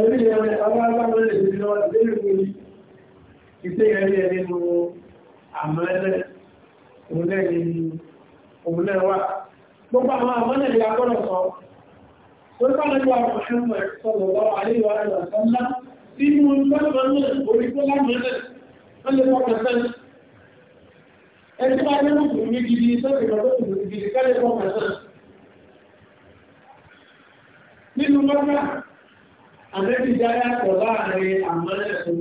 ní ẹ̀lẹ́bí ẹ̀rẹ́ alágbàmọ́lẹ̀ ìlú lọ́wọ́ lórí orí ìṣẹ́ ẹ̀rí ẹ̀rí mú àmọ́lẹ̀ òmìnà wà gbogbo àwọn àmọ́lẹ̀ ìlú agbọ́dọ̀ sọ orí bá lọ́wọ́ àwọn ọmọ ẹ̀kọ́ lọ́wọ́ àríwá ẹni bá ní mùsùlùmí gidi sọ́dọ̀ ìgbàgbọ́ mùsùlùmí gidi kẹ́lẹ́ fún ọmọ ẹ̀sán. nínú mọ́tà àbẹ́bí dára pọ̀ láàrin àmọ́ ẹ̀sán.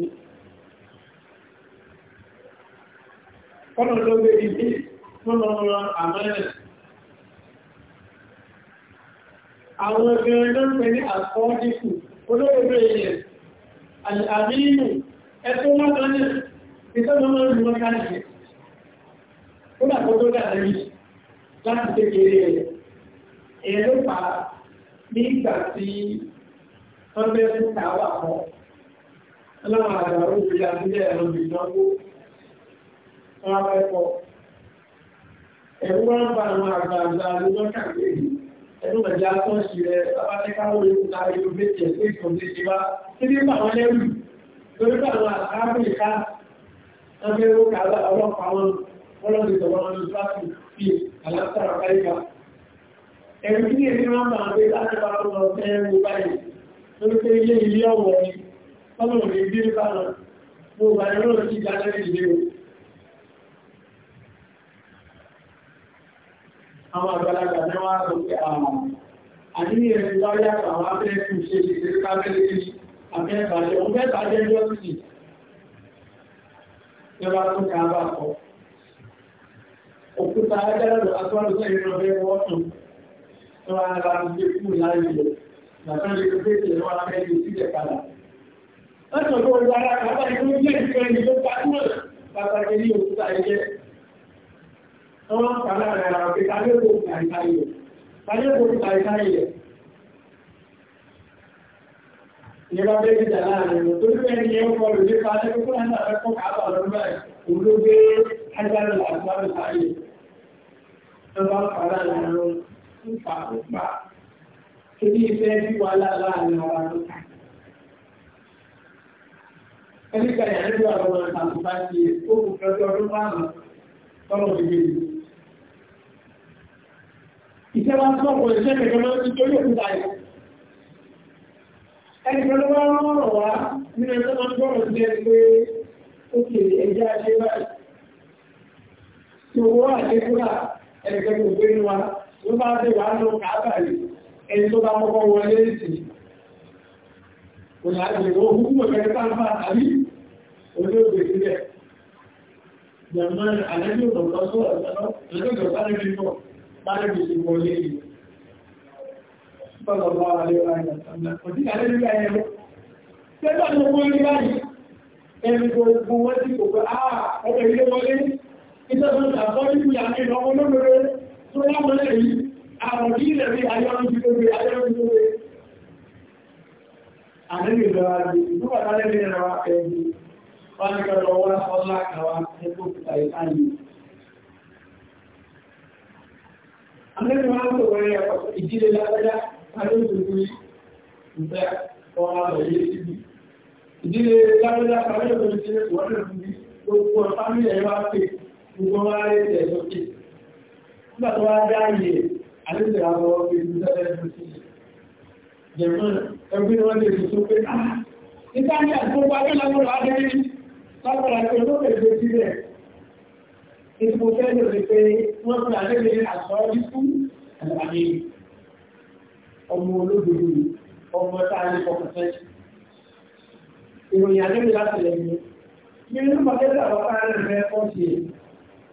kọ́nà ló gbé ibi fún ọmọ àmọ́ ẹ̀sán. àwọn obìnrin ló ń pè ní àkọ́ọ́dínkù olóògbé èèyàn àmínú ẹ̀tọ́ mọ́tà náà ìtọ́jú máa ń lu mọ́tà nìyẹn kódà kó tó dà lórí láti kékeré rẹ̀ èyí ló fà á ní ìgbà tí wọ́n bẹ́ fún káwà kọ́ ọlọ́run àgbà ó fi àbílẹ̀ ẹ̀rọ ìdánwò wọn akẹ́kọ̀ọ́ ẹ̀rú wọn bá àwọn àgbààgbà lọ́jọ́ kàgbéyìí ẹ̀rú ẹ̀jẹ̀ àtọ́sí rẹ̀ abájẹ́káwó ewu láàrin ìlú méjì ẹ̀sẹ̀ ìkọ̀ọ̀dé ti wá títí bá wọn lẹ́rù torí bá àwọn àgbà ọlọ́dún ìjọba ọlọ́dún láti fi àlàáfíà káríkà. Ẹ̀rù kí èmi máa máa gbé láti bá ọmọ ọ̀fẹ́ ẹ̀rù báyìí lórí pé ilé ilé ọ̀wọ̀ ni ọmọ òní bí bá lọ mo wà ní ọlọ́dún ti gbá lẹ́yìn ilé o. Àwọn àgbàlagbà ní wọ́n á sọ pé àwọn ah, àníyàn ẹ̀rù wáyé àwọn abẹ́rẹ́ kù òkúta ẹgbẹ́rẹ́ àtúwàlù sẹ́yìn ọ̀bẹ́ wọ́tún tó ara ń gbé kú láyé lọ nàtàlẹ́ ìgbé tẹ̀lé wọn abẹ́ ní ìsílẹ̀ padà. láti ọ̀dọ́ ìlú ara kàbá ìlú ilé ìfẹ́ ni ló pa túmọ̀ pàtàkì ní òkúta ẹgbẹ́. wọ́n kàlá rẹ̀ àwọn òkúta ẹ̀ أجل الأسباب الحالية الله تعالى يعلم nípa nípa kìí ìfẹ́ bí wà láàárín ara ló kà. Ẹnìkan yà ń lo àwọn àtàkùnbá ti òkú fẹ́jọ́ ọdún márùn-ún tọ́lọ̀ òdìgbè yìí. Ìjọba tí wọ́n kọ̀ iṣẹ́ kẹ̀kẹ́ máa ń ti tó yóò kúta yìí. Ẹnìkan ló wá rán ọ̀rọ̀ wá nínú ẹgbẹ́ máa gbọ́rọ̀ sí ẹ pé ó kèrè báyìí owó àdékúrà ẹgbẹ́ gbogbo inú wa ló bá dé wà ló kàábà yìí ẹni tó bá kọ́kọ́ wọlé sí òun àti ìwọ òkú ọ̀gẹ́gẹ́ pàápàá àbí olóògbé sílẹ̀ jẹ̀mọ́ àlẹ́bí òkùnkọ́ sọ̀rọ̀ lọ́dọ̀ sáré bí pọ̀ sáré bí sí wọlé yìí Bọ́lọ̀ bá wà lé wáyé ọ̀sán. Òtí àlẹ́bí ayẹ lọ. Tẹ́lá ló wọlé báyìí. Ẹni gbogbo wọ́n ti kò pé, "Ah, ọkọ̀ ilé wọlé." ìtẹ́sùn ìtàkọ́ nínú ìyàmí ìlọ́wọ́ lóbere tó lámọ́lẹ̀ yìí àròdí ilẹ̀ rí ayọ́rùn-ún-gbogbo ayọ́rùn-ún-gbogbo àdébì lọ́wọ́ àti ìdúwà lálẹ́bí ẹ̀rọ ẹ̀bí wọ́n ní kọ́lọ̀ wọ́n ọlá àwà ẹgbẹ́ òkúta ìtàlì àdébì wọ́n tó wọ́n yẹ ìdílé lágbájá àdébì ìfẹ́ ọ̀rọ̀ àwòyé síbi ìdílé lágbájá àdébì ìfẹ́ ọ̀rọ̀ àwòyé síbi gbogbo ọ̀pá gbogbo wá rí ẹ̀ sókè nígbà tó wá dá iye àlejò àwọn ọmọ ìlú sẹ́fẹ́ fún sí jẹ̀mọ́ ẹgbẹ́ wọn lè fi sókè ah! nígbà ní àtúgbà tó lọ́wọ́ lábẹ́ rí lápàdà tó lókè tó sí rẹ̀ ipò fẹ́lẹ̀ rẹ̀ pé wọ́n fi àlejò àsọ́ọ́dí fún àlàyé ọmọ olódodo ọmọ táà ní kọkùnfẹ́ ìròyìn àlejò láti lẹ́yìn nínú pàtẹ́lẹ̀ àwọn ará rẹ̀ fẹ́ fọ́ sí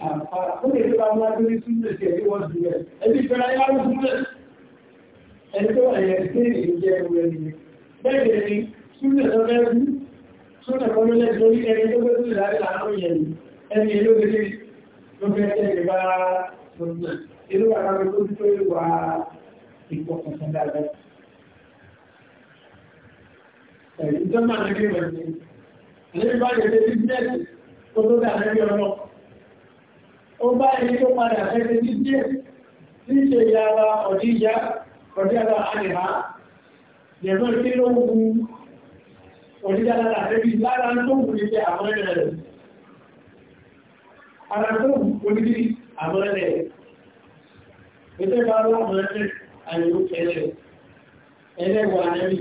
àǹfààní ó lè bá wá lórí súnmọ̀ sí ẹ̀rí wọ́n jù rẹ̀ ẹbí fẹ́ra yá ló súnmọ̀ ẹni tó wà yẹn sí ìjẹ́ ẹ̀rù rẹ̀ nìyẹn bẹ́ẹ̀ ni súnmọ̀ tó fẹ́ rú súnmọ̀ tó lọ́lẹ̀ lórí ẹni tó fẹ́ súnmọ̀ láti láàárọ̀ yẹn ni ẹni èlò lè ló fẹ́ ó bá ẹni tó padà fẹ́fẹ́ sí díẹ̀ tí ṣe ìyá wa ọ̀díyá ọ̀díyára àrẹ̀há lẹ̀mọ́ tí ló wù ọ̀díyára àrẹ̀bí lára tó wù ní pé àwọn ẹ̀rẹ̀ rẹ̀ ara tó wù oníbí àwọn ẹ̀rẹ̀ ẹgbẹ́ bá láwọn ẹ̀rẹ̀ àyẹ̀wò kẹlẹ̀ ẹlẹ́wọ̀ àrẹ̀bí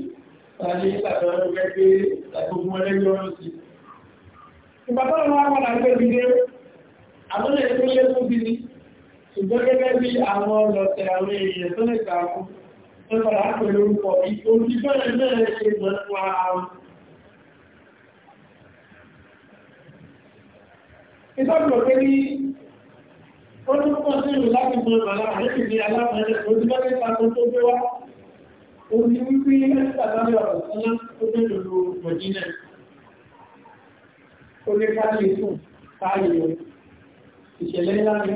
tàbí ìpàdé ọ̀rọ̀ gẹ́gẹ́ àwọn èdè tó lékún bí ní ṣùgbọ́n gẹ́gẹ́ bí àwọn ọlọ̀tẹ̀ àwọn èèyàn tó lè kàákún tó padà pẹ̀lú orúkọ ìtòjú bẹ́ẹ̀ bẹ́ẹ̀ ṣe gbọ́nà àwọn ìtọ́jọ́ pé ní ọdún pọ̀ sí ìlú láti mọ ìmọ̀lá àti ìdí aláàmọ́lẹ̀ ojúlọ́lẹ̀ ìtàkó tó gbé wá orí wípé látàrí ọ̀rọ̀ sílá tó gbé ká lè rẹ̀ ìṣẹ̀lẹ̀ ńlá ni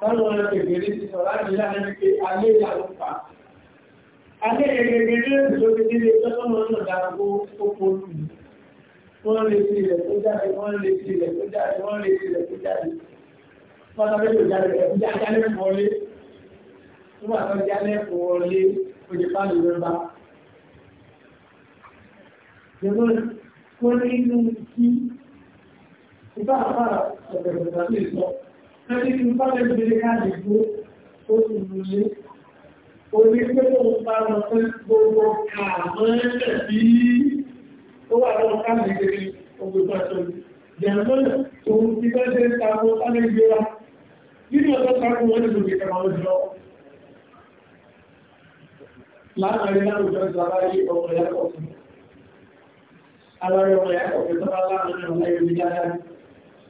táwọn ọ̀rọ̀ kékeré ti sọ láti láàrin pé alẹ́ ìyàwó pa alẹ́ ìrẹ̀gẹ̀rẹ̀ lórí nílé tọ́tọ́ mọ́ náà dára kó kókó lù wọ́n lè ti ilẹ̀ tó jáde wọ́n lè ti ilẹ̀ tó jáde wọ́n lè ti ilẹ̀ tó jáde pátákó tó jáde ẹ̀kú jáde alẹ́ wọlé nígbà tó jáde inú kí ìbá àpára ọ̀bẹ̀rẹ̀ ìgbàlú ìsọ. Ẹni tí bá lè gbé káàdì gbó, ó ti lulẹ̀. Orí pé ó bá lọ pé gbogbo kàmọ́ ẹ̀ṣẹ̀ bí ó wà lọ káàdì gbé ọgbẹ̀gbà tó lù. Jẹ̀mọ́ òun ti bá ṣe ń tako sáré gbéra. Nínú ọjọ́ tako wọ́n ti lòdì kàmọ́ jọ. Láàárín láwùjọ ìjọba yìí ọmọ ìyá kọ̀ọ̀kan. Alárẹ̀ ọmọ ìyá kọ̀ọ̀kan tó bá ọmọ ìyá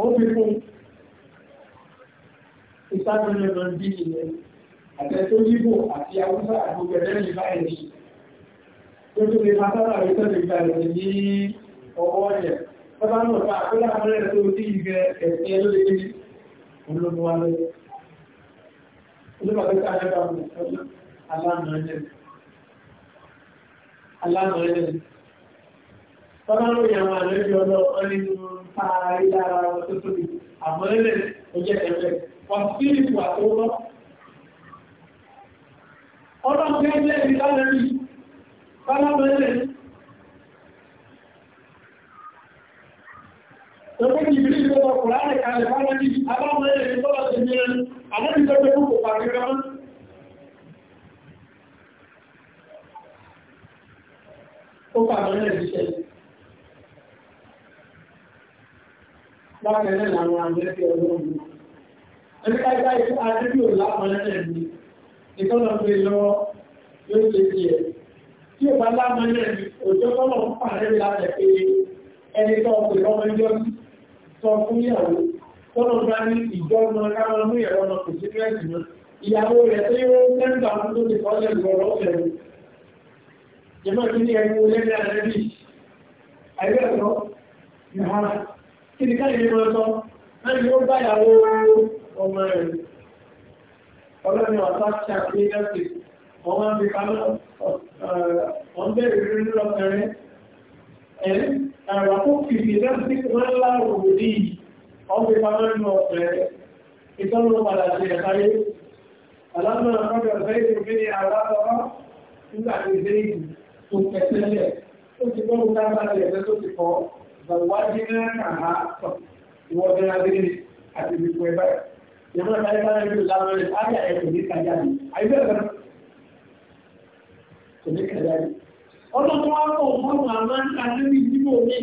ó fi fún ìsájúlẹ̀ lọ bí ilẹ̀ àtẹ́tó yíbò àti awúsá àgbẹ̀rẹ̀ ní báyìí tó tó lè máa sára rẹ̀ tẹ́lẹ̀ ìgbàlẹ̀ ní ọwọ́ ẹ̀ tọ́bá náà bá àkọ́lá àmọ́rẹ̀ tó tí ìgbẹ̀ ẹ̀sẹ̀ ló lè gbé olóògùn wa lọ́yẹ̀ olóògùn àti àjẹ́bà Tọ́lọ́rọ̀ ìyàwó àlẹ́bí ọlọ́ ọlẹ́nu fàárí lára wọn tó tóbi, àmọ́ lẹ́lẹ̀ ó jẹ́ ẹ̀rẹ́. Wọ́n sí ìpò àtọ́wọ́. Ọlọ́pẹ́ ilẹ̀ ìdálẹ́rí, tọ́lọ́pẹ́ ilẹ̀. Tọ́lọ́pẹ́ ìbílí ìjọba kùránì kalẹ̀ fánàbí, abáwọn ilẹ̀ ìjọba tẹ̀lé àwọn ìjọba kò pàdé kan. Ó pàdé ilẹ̀ ìṣẹ́lẹ̀. Bákanẹ́ làwọn àjẹ́kẹ́ ọlọ́run. Ẹni kájá ikú àjẹ́kẹ́ ò lápọ̀lẹ́lẹ̀ ni, ìtọ́lọ̀ pé lọ́wọ́ yóò ṣe sí ẹ̀. Tí ò bá lámọ́lẹ̀ ni, òjò tọ́lọ̀ ń pàrẹ́ láti pé ẹni tọ́ pè lọ́mọ ẹjọ́ sọ fún ìyàwó. Tọ́lọ̀ bá ní ìjọ ọmọ káwọn mú ìyàwó ọmọ kò sí fẹ́ẹ̀sì mọ́. Ìyàwó rẹ̀ tó yóò tẹ́ńtà fún tó ti kọ́lẹ̀ lọ́rọ̀ ọ̀fẹ́ Jẹ́mọ́ ìpínlẹ̀ ẹni olẹ́gbẹ̀ẹ́ àrẹ́bí, àìbẹ̀ẹ̀kọ́, ìhàrá kí ni káyìí ní máa sọ láti ó báyàwó ọmọ rẹ̀ ọlọ́ni ọ̀sá ti àpéjọ́ ọmọ mi kan wọ́n bẹ̀rẹ̀ lórí lọ́kẹrẹ ẹ̀ ẹ̀rọ ní ọmọ ìpamọ́ nínú ọ̀fẹ́ ìtọ́nà padà sí ẹ̀káyé alámọ̀ ọ̀pọ̀ ọ̀fẹ́ ìrògbé tó ti gbọ́ zawájí náà kà á sọ ìwọ́n ní adéyìn àti ìbíkú ẹ̀ báyìí. Ìyẹn náà táyé báyìí bí ìlànà rẹ̀ áyà ẹ̀ kò ní kájà ní. Àyíbẹ̀ bẹ̀rẹ̀ kò ní kájà ní. Ọdún tó wá pọ̀ fún màmá àdébí ìdíbò mi.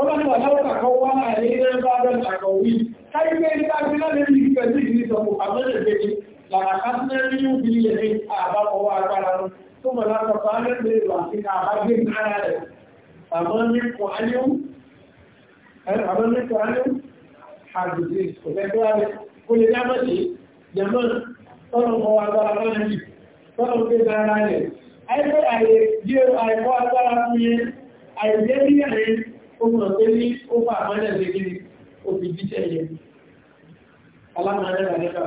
Ọlọ́run wà láwọn kàkọ́ wá àyè náà bá bẹ̀rẹ̀ kàkọ́ wí. Táyé bẹ́ẹ̀ ní káàkiri náà lè ní ìfẹ́ sí ìdí ìsọ̀kù àmọ́ làkàtúndé ní òbí yẹn ní àbáfọwọ́ agbára tó mọ̀ látọ̀ fún alẹ́ àmọ́nípò ayún àgbègbè òfẹ́fẹ́ rẹ̀ kó lè dámọ́sí jẹmọ́ tọ́rọ mọ́ agbára mọ́rin tọ́rọ pé dára rẹ̀ ẹgbẹ́ àìyẹ àìkọ́ agbára fún yẹ àìyẹ ní àìyẹ ohun ọ̀pẹ́ ní ó bá àmọ́lẹ̀ lẹ́gbẹ̀ẹ́ òfin jíṣẹ́ yẹ alámọ̀lẹ́ àdẹ́gbà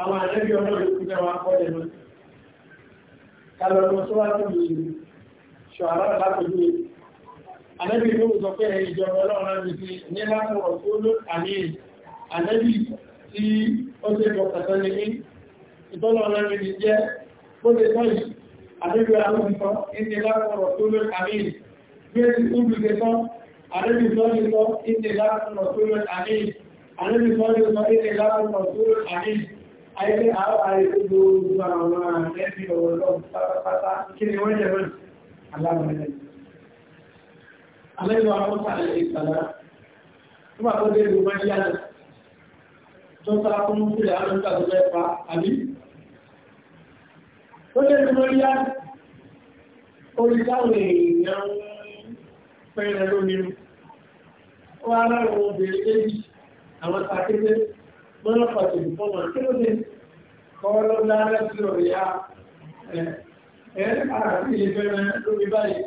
àwọn àdẹ́gbẹ̀ ọmọ ìlú ṣọ̀hárá lápẹ̀lú Ànábì ló sọ pé ìjọba ọlọ́run ní ti ní lápọ̀rọ̀ tó ló àní Ànábì tí ó ṣe bọ̀kàtọ́ ní ní ìtọ́lọ̀ ọlọ́run ní jẹ́ bó ṣe tọ́ yìí Ànábì àwọn ìtọ́ ní lápọ̀rọ̀ tó ló àní bí ó ti tún bí ṣe tọ́ Ànábì sọ́ ní sọ ní lápọ̀rọ̀ tó ló àní Ànábì sọ́ ní sọ ní lápọ̀rọ̀ tó ló àní Ayé àwọn àìsí gbogbo àwọn ẹbí ọ̀rọ̀ pátápátá kí ni wọ́n jẹ́ mẹ́rin alámọ̀lẹ́. Àlẹ́lọ àkọ́kọ́ àlẹ́ ìsàlá, tó bá tó dé ìlú máa yá lẹ̀, tó sára fún sílẹ̀ àrùntà tó fẹ́ pa àbí. Tó dé ìlú máa yá lẹ̀, orí táwọn èèyàn fẹ́rẹ̀ lónìí. àwọn takété, mọ́nà pàtàkì fọ́mọ̀ kí ló dé kọ́ lọ́dá rẹ̀ sí ọ̀rẹ́ ẹ̀ẹ́dẹ́ pàtàkì ìfẹ́rẹ́ lórí báyìí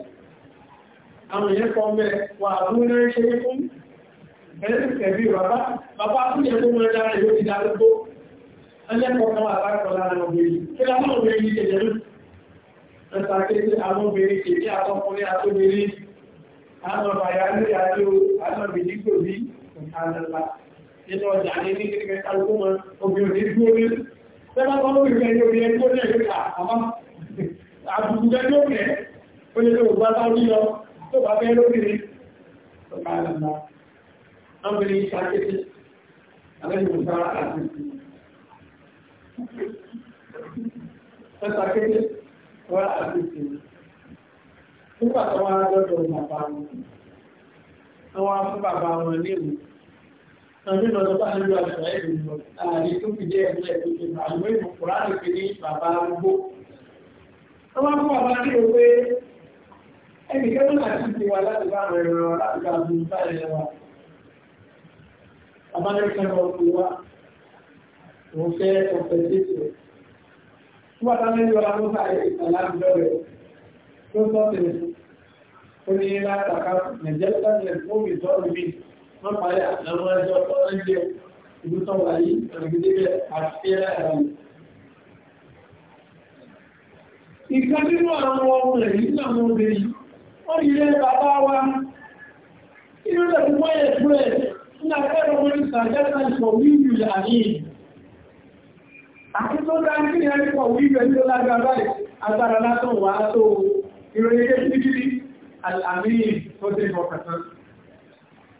àwọn èèyàn kan bẹ́ wà lórí náà ṣe é fún ẹ̀ẹ́dẹ́kẹ̀bí bàbá bàbá fún ẹ̀kọ́ mọ́ ẹ̀dá rẹ̀ yóò ti dá lógbó ẹlẹ́kọ̀ọ́ kan wà láàrín lára ọmọbìnrin kí láwọn obìnrin yìí tẹ̀lé lù ẹ̀ta kéde àwọn obìnrin kèké àtọkùnrin àtọbìnrin àwọn bàyá lórí àjò àtọbìnrin kò ní ìkàlẹ̀lá nínú ọjà ní ní kíkẹ́kẹ́ alùpùpù obìnrin dúró ní àbùkù jẹ́ tó rẹ̀ ó lè tó bá sáwọ́dí lọ tó bá fẹ́ lóbìnrin tó bá lọ́nà ọmọdé ìṣàkété alẹ́gbẹ̀ẹ́gbà àti ìṣàkété wọ́n àti ìṣàkété nígbà tó wá lọ́dọ̀ bàbá wọn àwọn afún bàbá wọn léwu àwọn ìlú ọ̀dọ́ bá nílò àṣà ẹ̀rù lọ ààrẹ tó fi jẹ́ ẹ̀rù ẹ̀rù ìgbà àwọn ìmọ̀ kùránì fi ní bàbá gbogbo wọ́n mú àwọn àti òwe ẹni kẹ́kọ̀ọ́ láti ti wà láti bá àwọn ẹ̀rọ láti bá àwọn ìgbà ẹ̀rọ wa. Abájọ́sẹ́ ọkùn wa, òun fẹ́ ọ̀fẹ́ tètè. Wọ́n bá lẹ́yìn ọ̀la mú sáré ìtàlá ìjọrẹ̀ tó sọ tẹ̀lé. Ó ní látàkà Nàìjíríà tẹ̀lé fún ìtọ́jú mi. Wọ́n parí àwọn ẹjọ́ tó ń jẹ ìlú tó wà yìí, ọ̀rẹ́gídé bẹ́ẹ̀ àti ẹ̀rọ ìkan nínú àwọn ọmọ rẹ̀ nínú àwọn obìnrin ó yìí bàbá wa inú rẹ̀ fún wáyé fún ẹ̀ ní akẹ́rọ wọn ní sàjẹ́sà ìpọ̀ wíwù yàní àti tó dá ní ìyá ìpọ̀ wíwù ẹ̀ nílò lágbàbá agbára látọ̀ wà á tó ìròyìn ẹgbẹ́ títí àmì tó dé ìfọkàtán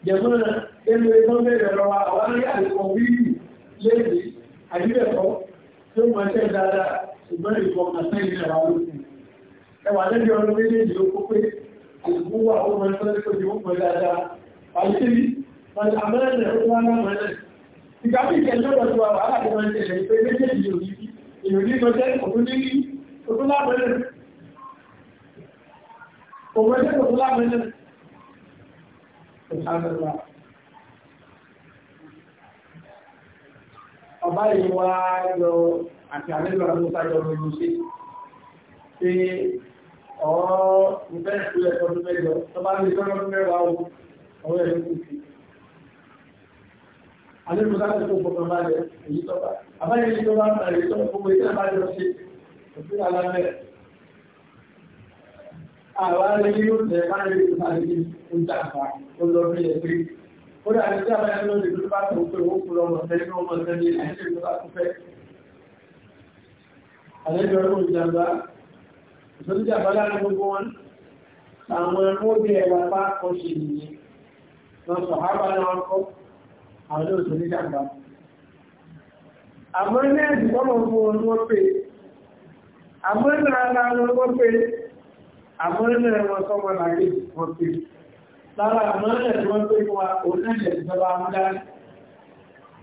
jẹ̀mọ́nà ẹnu ẹgbọ́n bẹ̀rẹ̀ lọ wa àwọn àríyá ìpọ̀ wíwù lẹ́yìn àyíbẹ̀kọ́ tó mọ̀ ṣẹ́ dáadáa ṣùgbọ́n ìfọkànsẹ́ ilẹ̀ wa ló sì. Ẹwà lẹ́bí ọdún méjèèjì ó kó pé àìkú wà ó mọ di ó mọ dáadáa. Àìsírí, àmẹ́rẹ̀ ó wá náà mẹ́rẹ̀. Ìgbà bí ìkẹ̀lẹ́ ọ̀dọ̀ tó wà wàhálà tó máa ń tẹ̀lé pé méjèèjì Ọba ìwà lọ àti àmẹ́lú àwọn ìsájọ́ lórí sí pé ọ̀rọ̀ ìfẹ́ ìpínlẹ̀ tọdún mẹ́jọ tó bá lè tọ́jọ́ tó mẹ́wàá ọwọ́ ẹ̀rọ kù sí àlẹ́kùn láti tó gbogbo máa lẹ èyí tó bá àbáyé èyí tó bá ń tàrí tó gbogbo ìtẹ́ bá jọ sí òfin alámẹ́ àwọn arẹ́lẹ́ yóò tẹ̀ máa lè tó máa lè ń ó lọ bí ẹ̀kí ó dà ní sí àbáyé tó bá àlejò ọdún ìjàmbá ìtọ́jú ìjàmbá láàrin gbogbo wọn àwọn ọmọdé ẹ̀wà bá kọ́ ṣe nìyí wọn sọ hábà náà kọ́ àwọn ilé òṣèlú ìjàmbá àmọ́ ní ẹ̀sìn kọ́mọ̀ fún wọn wọ́n pè àmọ́ ní ara wọn wọ́n pè àmọ́ ní ẹ̀wọ̀n sọ́mọ làárí wọ́n pè lára àmọ́ ní ẹ̀sìn wọ́n pè fún wa òun náà lè jọba amúdá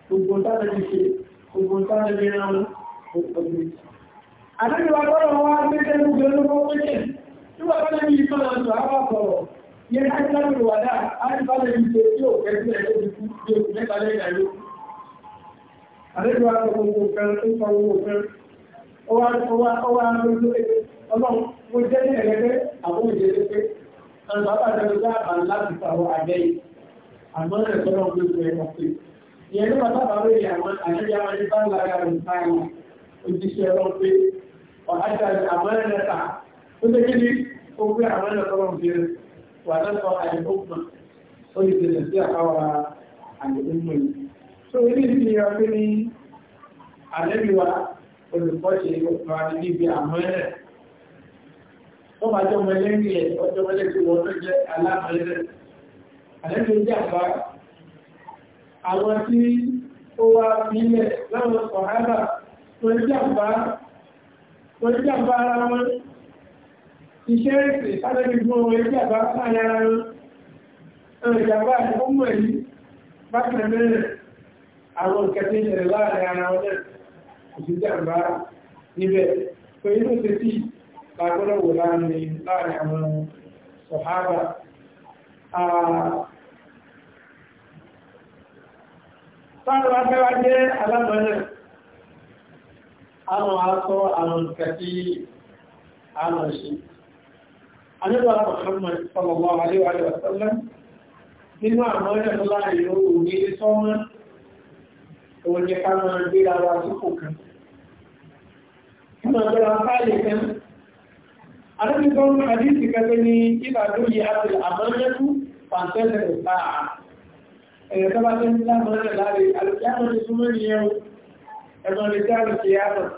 gbogbo táwọn ẹni ṣe gbogbo táwọn ẹni rán wọn Àdájọ́ agbọ́rọ̀ wọn wá gbé tẹ́lú gbẹ̀rún wọn pẹ́kẹ̀. Nígbà tó lè yí máa sọ àwọn àpọ̀rọ̀, yẹ ká ìlànà ìwàdà, á ti bá lè ṣe tí ò fẹ́ sílẹ̀ tó ti kú bí oṣù mẹ́ta lẹ́yìn àìlú. Àdájọ́ agbọ́rọ̀ gbogbo kan tó sọ owó kan. Ó wá ọwọ́ agbójú ọlọ́run, mo jẹ́ ní ẹ̀lẹ́gbẹ́ àwọn ìdẹ́lẹ́gbẹ́. Àwọn bàbá àjọ ìjọ àbàlá láti sàwọ́ àjẹ́ yìí. Àmọ́ ẹ̀kọ́ náà gbogbo ẹ̀kọ́ pé ìyẹn ló bàbá bàbá rẹ̀ وأدى الأمانة كنت كذي أقول أمانة طبعا في ونصر عن الأمة قلت النصيحة عن الأمة so ilé ìsìn yà pé ní àlẹ́bíwá olùkọ́ṣe ọ̀pọ̀lọpọ̀ níbi àmọ́ẹ̀rẹ̀ tó bá jọ mẹ́lẹ́rin ẹ̀ ọjọ́ mẹ́lẹ́rin wọ́n tó jẹ́ alámọ́ẹ̀rẹ̀ àlẹ́bíwá jẹ́ àbá àwọn tí ó wá nílẹ̀ láwọn ọ̀hánà tó jẹ́ àbá torí jàmbá ara wọn iṣẹ́ èsì sáré gbogbo orí jàmbá láàrin ara wọn ìjàmbá ìfọ́mù ẹ̀yí bákan mẹ́rin àwọn ìkẹtẹ ìṣẹ̀lẹ̀ láàrin ara wọn náà kò sí jàmbá níbẹ̀ tó inú ti tí jẹ́ alámọ̀ náà àmọ́ aṣọ àwọn ìkàtí àmọ́ ṣe anígbàlá Muhammad sallallahu alaihi wa sallam nínú àmọ́ ẹ̀rọ láàrin òun ní sọ́mọ́ òun ní ká máa gbéra wa sípò kan kuma gara fali kan arabi gon hadisi ka gani ila duyi atil amanatu fantasar sa'a eh ta ba tin la mana la ri al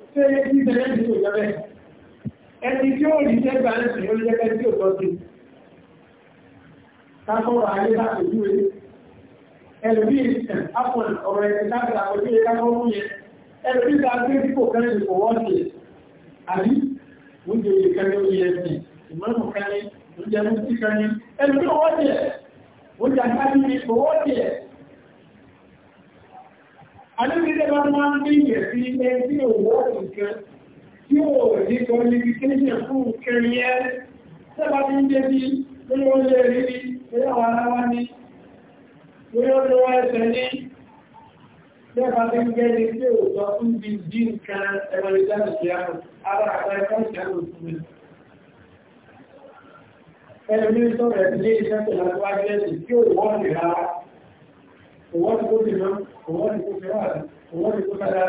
ṣe yé kí ìṣẹ̀lẹ̀ ti tó jẹ́ bẹ́ẹ̀. Ẹni tí ó rí jẹ́ gbà ń sìn ó jẹ́ bẹ́ẹ̀ tí ò tọ́ sí. Kákọ́rọ̀ ayé bá kò dúró. Ẹlòmí àpọ̀n ọ̀rọ̀ ẹ̀sìn láti àkójú yẹ kákọ́ mú yẹn. Ẹlòmí ta gbé dípò kan lè Adébídé bá máa ń ní ìyẹ̀ sí ilé tí ò wọ́ nǹkan tí ò ní communication fún kẹrin ẹ́ sẹ́bà tí ń débi lórí oúnjẹ rírí lórí àwọn aráwá ní lórí ọdún wọ́n ẹsẹ̀ ní lẹ́bàá tí ń gẹ́ni tí ò sọ fún bí jí nǹkan ẹwàlẹ́dáàmì sí àrùn ara àpẹẹrẹ fún ìṣàlù fún mi owó ni kó fẹ́ wà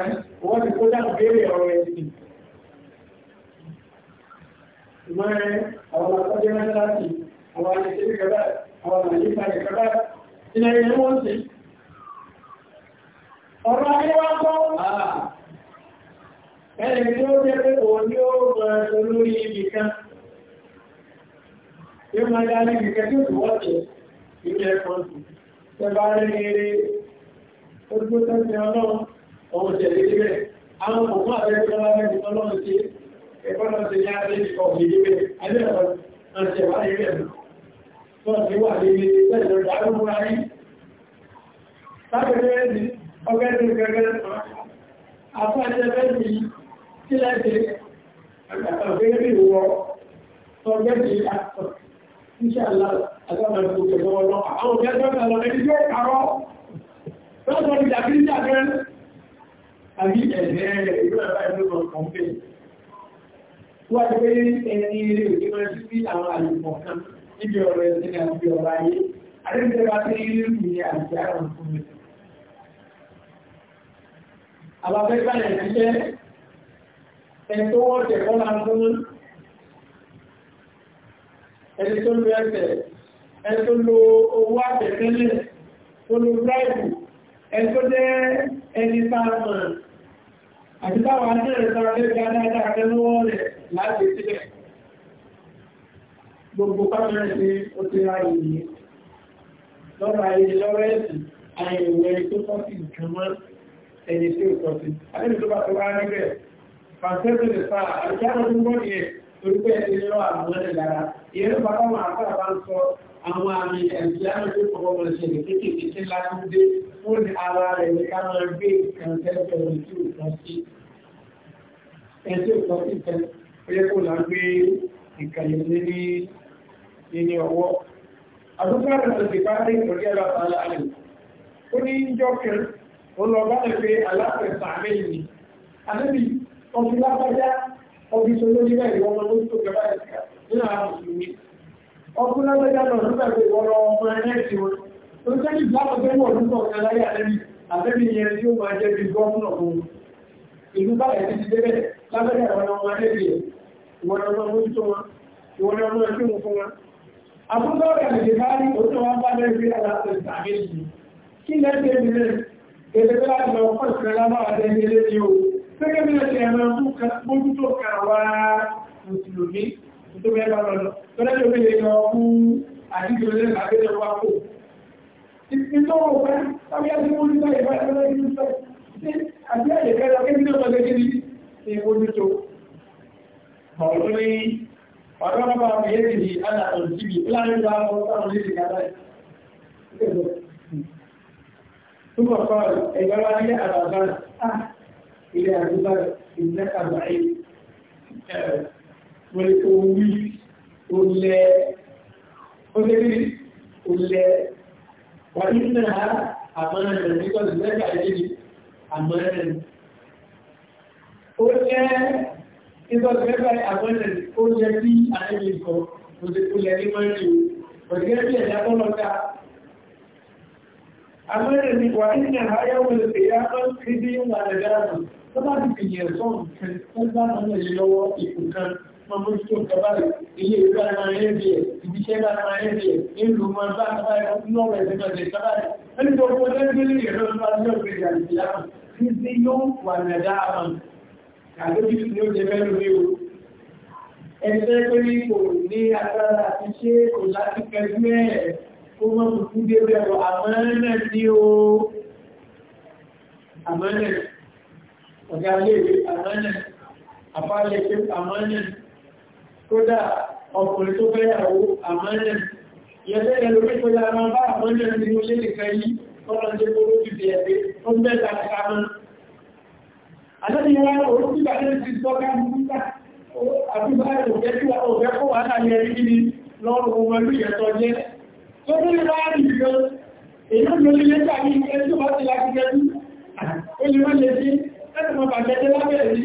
ní owó ni kó dára ní owó ni kó dára béèrè ọ̀rọ̀ ẹ̀sìn. ìmọ̀ ẹ àwọn akọ́jọ́ náà láti àwọn àyẹ̀sẹ̀ kẹfà àwọn àyẹ̀sẹ̀ kẹfà ìnà ìyẹn wọ́n ti. ọ̀rọ̀ ayé wa kọ́ ẹni tí ó jẹ́ pé òun ni ó gbọ́ ní ìkẹ́kẹ́ ojú tẹ́sí ọlọ́run ọmọ ìṣẹ̀lẹ̀ ibẹ̀ àwọn òkú àrẹ́gbẹ̀rẹ̀ ọlọ́run ọlọ́run ti ẹ̀kọ́nà ti ní àrẹ́ ìkọ̀ ìdíbẹ̀ alẹ́ ọ̀rọ̀ àti ẹ̀wà ìrẹ̀ tó ti wà ní ilé ìdárúkú ayé lábẹ̀rẹ̀ ẹ̀dì ọgẹ́dùn gẹ́gẹ́ àfáàjẹ́ bẹ́ẹ̀dì tí láti àgbàgbẹ́rẹ̀ ìwọ tọ́gẹ́dì àtọ̀ ìṣàlá àgbàgbẹ́rẹ̀ ìwọ Lọ́sọ̀ ìjà kí ní àgbẹ́ àbí ẹ̀jẹ̀ ìlú ẹ̀bá ìlú ọ̀kan pé. Wọ́n ti pé ẹni ilé òjì máa sí bí àwọn àlùmọ̀ kan níbi ọ̀rọ̀ ẹ̀sìn àti ọ̀rọ̀ ayé. Adébíyẹ bá ti ilé ìlú ní àti àrùn fún mi. Àbábẹ́ báyẹ̀ ṣiṣẹ́ ẹni tó wọ́n tẹ̀ kọ́ máa fún ẹni tó lo ẹsẹ̀ ẹni tó lo owó àtẹ̀tẹ́lẹ̀ tó lo bíráìbù ẹ̀tọ́ jẹ́ ẹni sáàmà àti táwọn adẹ́rẹ̀ sọ́rọ̀ lé gbádájá akẹ́lọ́wọ́ rẹ̀ láti sílẹ̀ gbogbo pàtàkì ó ti ra ìyí lọ́rọ̀ ayé lọ́rọ̀ ẹ̀sìn àyẹ̀wẹ̀ tó tọ́sí nǹkan mọ́ ẹni tí ó tọ́sí adẹ́rẹ̀ tó bá tó wá níbẹ̀ fàǹtẹ́sìlẹ̀ sáà àti àwọn àmì ẹ̀sìn àmì ọmọ ìṣẹ̀lẹ̀ kéékèèké tí látúndé fún ara rẹ̀ ní ká máa gbé nǹkan tẹ́lẹ̀ tí ò kan sí ẹ̀sìn òkan sí tẹ́ oyẹ kó lá ń gbé ìkàlẹ̀ ní ní nínú ọwọ́. àdúgbò rẹ̀ ló ti bá rí ìtọ́jú ẹ̀rọ àtàlà rẹ̀ ó ní jọ́ kan ó lọ bá rẹ̀ pé aláfẹ́ sàárẹ̀ ni àdébí ọdún lápájá ọdún tó lórí rẹ̀ ìwọ́n ló tó ọkùn lágbẹ́já lọ nígbà pé ọ̀rọ̀ ọmọ ẹgbẹ́ tí wọ́n tó jẹ́ ìgbà ọ̀gbẹ́ wọ̀ nígbà ọ̀gá láyé àtẹ́bí àtẹ́bí yẹn tí ó máa jẹ́ bí gọ́ọ̀nà fún ìlú báyẹ̀ ti débẹ̀ lágbẹ́já àwọn ọmọ ẹgbẹ́ yẹn ìwọ̀n ọmọ mójútó wọn ìwọ̀n ọmọ ẹgbẹ́ wọn fún wọn. àkókò ọ̀rẹ́ àlejò bá rí òótọ́ wọn bẹ́ẹ̀ fi tó bẹ́ẹ̀ bá lọ lọ lọ́dẹ́jọ́ bí lè lọ fún àdíjọ lẹ́nu àgbẹ̀jọ wa kò. Ìtọ́ wọn pẹ́ tàbí àti wọ́n ní báyìí bá ẹgbẹ́ ní sọ àti àyè fẹ́ lọ kí ní ọ̀sán lẹ́gbẹ́ ní ní ojú tó. Bọ̀ọ̀lù ní ọ̀dọ́ bàbá mi yé ti di àdà tó ti bì láàrin bá wọn sáwọn lè ti kàtà yìí. Túbọ̀ kọ́ọ̀lù ẹ̀gbẹ́ wa nílé àdàbà ah, ilé àdúgbò ìdílé àgbà wọ́n lè kó wí ó lẹ́ ó lé rí ó lẹ́ wà ní náà àmọ́ràn rẹ̀ nígbà tó lẹ́gbà yìí àmọ́ràn rẹ̀ ó lẹ́ nígbà tó lẹ́gbà àmọ́ràn rẹ̀ ó lẹ́ sí àyẹ̀yẹ̀ nǹkan ó lè kó lẹ́ ní mọ́rin o òṣìṣẹ́ bí ẹ̀dá tó lọ́ta àmọ́ràn rẹ̀ lè pè é á bí wà lẹ́gbà tó bá ti fìyẹ̀ sọ́ọ̀n kan tó bá náà lè ọmọ tó kẹfà ilé ìgbà máa ń rẹ̀ bíẹ̀ ibiṣẹ́ bá máa ń rẹ̀ bíẹ̀ nílùú máa bá kẹfà lọ́wọ́ ẹ̀sẹ̀ náà lè kẹfà rẹ̀ ẹni tó kọ́ lẹ́gbẹ̀rẹ̀ ìrọ̀ bá lọ́wọ́ ìrìn àti ìyá tí sí yóò wà nàdá àwọn o ẹgbẹ́ pé kò ní agbára àti ṣe kò láti pẹ̀lú ẹ̀ ó mọ́ kùkú dé o àmọ́rẹ́nẹ̀ ọ̀gá ilé ìwé àmọ́rẹ́nẹ̀ kódà ọkùnrin tó fẹ́ àwọ àmọ́nà yẹ́lẹ́ ẹlòmí tó yára máa bá àmọ́nà nínú ilé nìkan yí ọlọ́dẹ́ gbogbo ti bẹ̀ẹ̀ pé ó ń bẹ́ta kàmọ́ àtẹ́bíwá orúkúgbà ní ti tọ́ká nígbà àbúgbà òfẹ́ tí wà òfẹ́ kó wà láàrin ẹni kí ni lọ́rùn ọmọ ìlú ìyẹ̀tọ́ jẹ́ tó bí lè máa rìn gan èyí ló lè lẹ́gbà ní ẹni tó bá ti láti gẹ́jú ó lè má lè sí ẹni mọ̀ bàjẹ́ lábẹ́ rí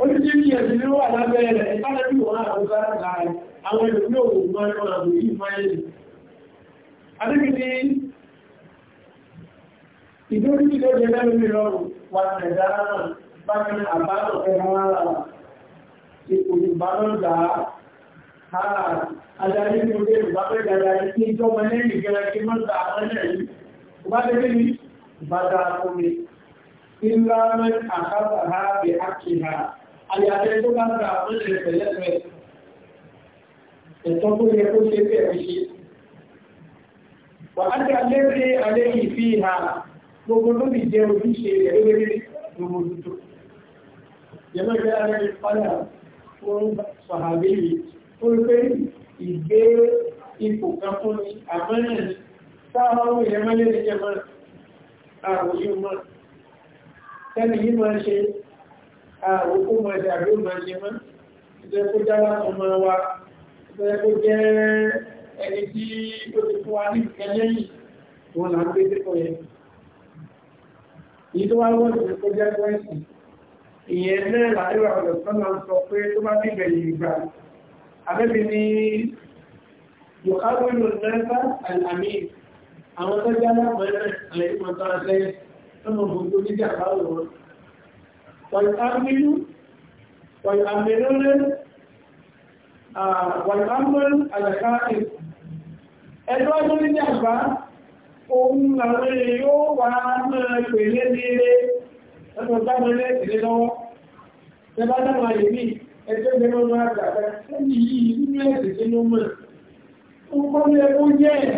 oníṣẹ́bí ẹ̀sìn ló wà lábẹ́ rẹ̀ ìtàlẹ́bí wọn àwọn sáàrà àwọn ìlú òun máa ń rọrùn yìí máyèlì. adébí ní ìdórí tí ó jẹ́ lẹ́nu rọrùn wà nàìjíríà bá ní àbáàrùn ẹ̀rọ ara ipò àyàfẹ́ tó bá gba àwọn ìṣẹ̀lẹ̀ pẹ̀lẹ́pẹ̀ ẹ̀tọ́ tó yẹ kó ṣe bẹ́ẹ̀ ṣe wà á dá lẹ́rẹ́ alẹ́ yìí fi hà gbogbo ló fi jẹ ojúṣe rẹ̀ lórí gbogbo tuntun yẹmọ́ ìgbé alẹ́ yìí padà fún sàhàbí yìí ó rí pé ìgbé ipò kan fún mi àmọ́nà sáwọn ohun ìyẹmọ́lẹ́ ìjẹmọ́ àròyìn mọ́ sẹ́ni yìí máa ṣe àwòkú mọ̀ ẹ̀dẹ̀ àbí òmà ṣe mọ́ ìjẹ́ kó já ọmọ wa ìjẹ́ kó jẹ́ ẹni tí ó ti fún wa ní ìkẹ́ lẹ́yìn wọn là ń gbé tẹ́kọ̀ọ́ yẹn ìyí tó wá wọ́n ti kó jẹ́ pọ́ìsì ìyẹn náà láìwà ọ̀dọ̀ sọ́nà sọ pé tó bá ti bẹ̀rẹ̀ ìgbà abẹ́bí ni yọ̀káwìlò nẹ́fà àmì àwọn tó já láti ẹ̀rẹ́ àlẹ́ ìmọ̀tọ́ àṣẹ tó mọ̀ wàìhámẹ́rún àjàkáàkì ah, ẹjọ́ ọjọ́ ní jàmbá ohun àwọn èrè yóò wà náà pèlé léèrè ẹ̀tọ́ dámọ́lé ìdílé lọ́wọ́ tẹbá dámà ìrìn ẹjọ́ ìgbẹ̀rún àgbàgbà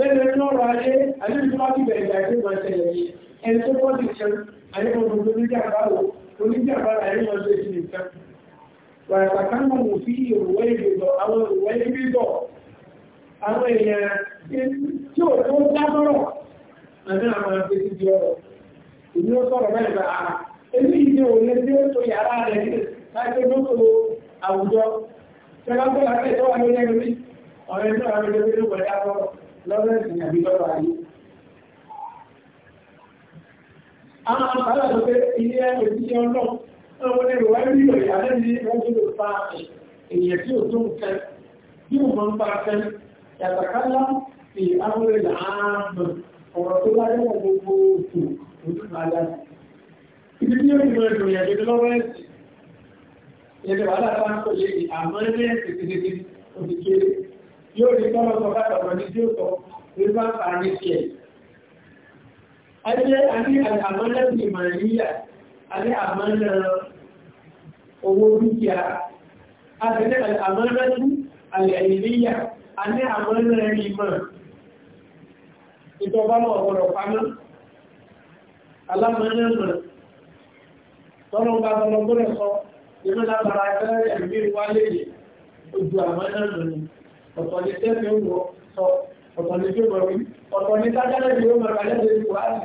bẹ́ẹ̀ ní ọ̀rọ̀ ayé àdéhùn láti bẹ̀rẹ̀ ìgbà ìgbà máa ṣẹlẹ̀ yìí ẹni tó pọ̀ sí ṣe àyẹ̀wò gbogbo ní jàmbáwò oníjàmbá àyẹ̀wò ṣe sí nìkan wàyàtà kánà mò fi ìrùwẹ́ ìgbèdọ̀ àwọn ìrùwẹ́ ìgbèdọ̀ àwọn èèyàn tí ò tó dámọ́rọ̀ àmì àwọn afẹ́sí di ọ̀rọ̀ èmi ó bá ah, tó láti ló wà lórí ẹgbẹ́ ọ̀rẹ́ tó wà lórí ẹgbẹ́ lọ́rọ̀ ẹ̀sìn àbí lọ́rọ̀ ayé. Àwọn àpàlà tó pé ilé ẹ̀kọ́ ìdíje ọlọ́ ọmọ ní ìwà ní ìwà ìyàlẹ́ ní ẹgbẹ́ tó fa èèyàn tí ó tó ń fẹ́ bí mo máa ń bá fẹ́ yàtàkálá fi áwúrẹ́ làámù ọ̀rọ̀ tó bá yẹ́wọ̀ gbogbo òkú ojú àlá. Ibi tí ó ti mọ ẹ̀dùn ìyàgbé lọ́rọ̀ ẹ̀sìn. Ìyẹn ti wàhálà bá àmọ́ ẹgbẹ́ ẹ̀sìn yóò rí tọ́lọ̀ sọ bá tọ̀rọ̀ ní tí ó tọ́ nígbà àárí sí ẹ̀. a jẹ́ a ní àmọ́lẹ̀ sí màríyà a ní àmọ́lẹ̀ owó dúkìá a sì ní àmọ́lẹ̀ sí àlẹ̀ìlíyà a ní àmọ́lẹ̀ ìmọ̀ ìjọba mọ̀ ọ̀rọ̀ pamọ́ alámọ́lẹ̀ mọ̀ tọ́lọ̀ bá tọ́lọ̀ gbọ́dọ̀ sọ ìmọ̀lábàrá ẹgbẹ́ ẹ̀mí wálé ojú àmọ́lẹ̀ mọ̀ ni ọ̀tọ̀ ní tẹ́lẹ̀ ń wọ sọ ọ̀tọ̀ ní tí ó mọ̀ rí ọ̀tọ̀ ní tájálẹ̀ ni ó mọ̀ rà lẹ́sẹ̀ ní kùránì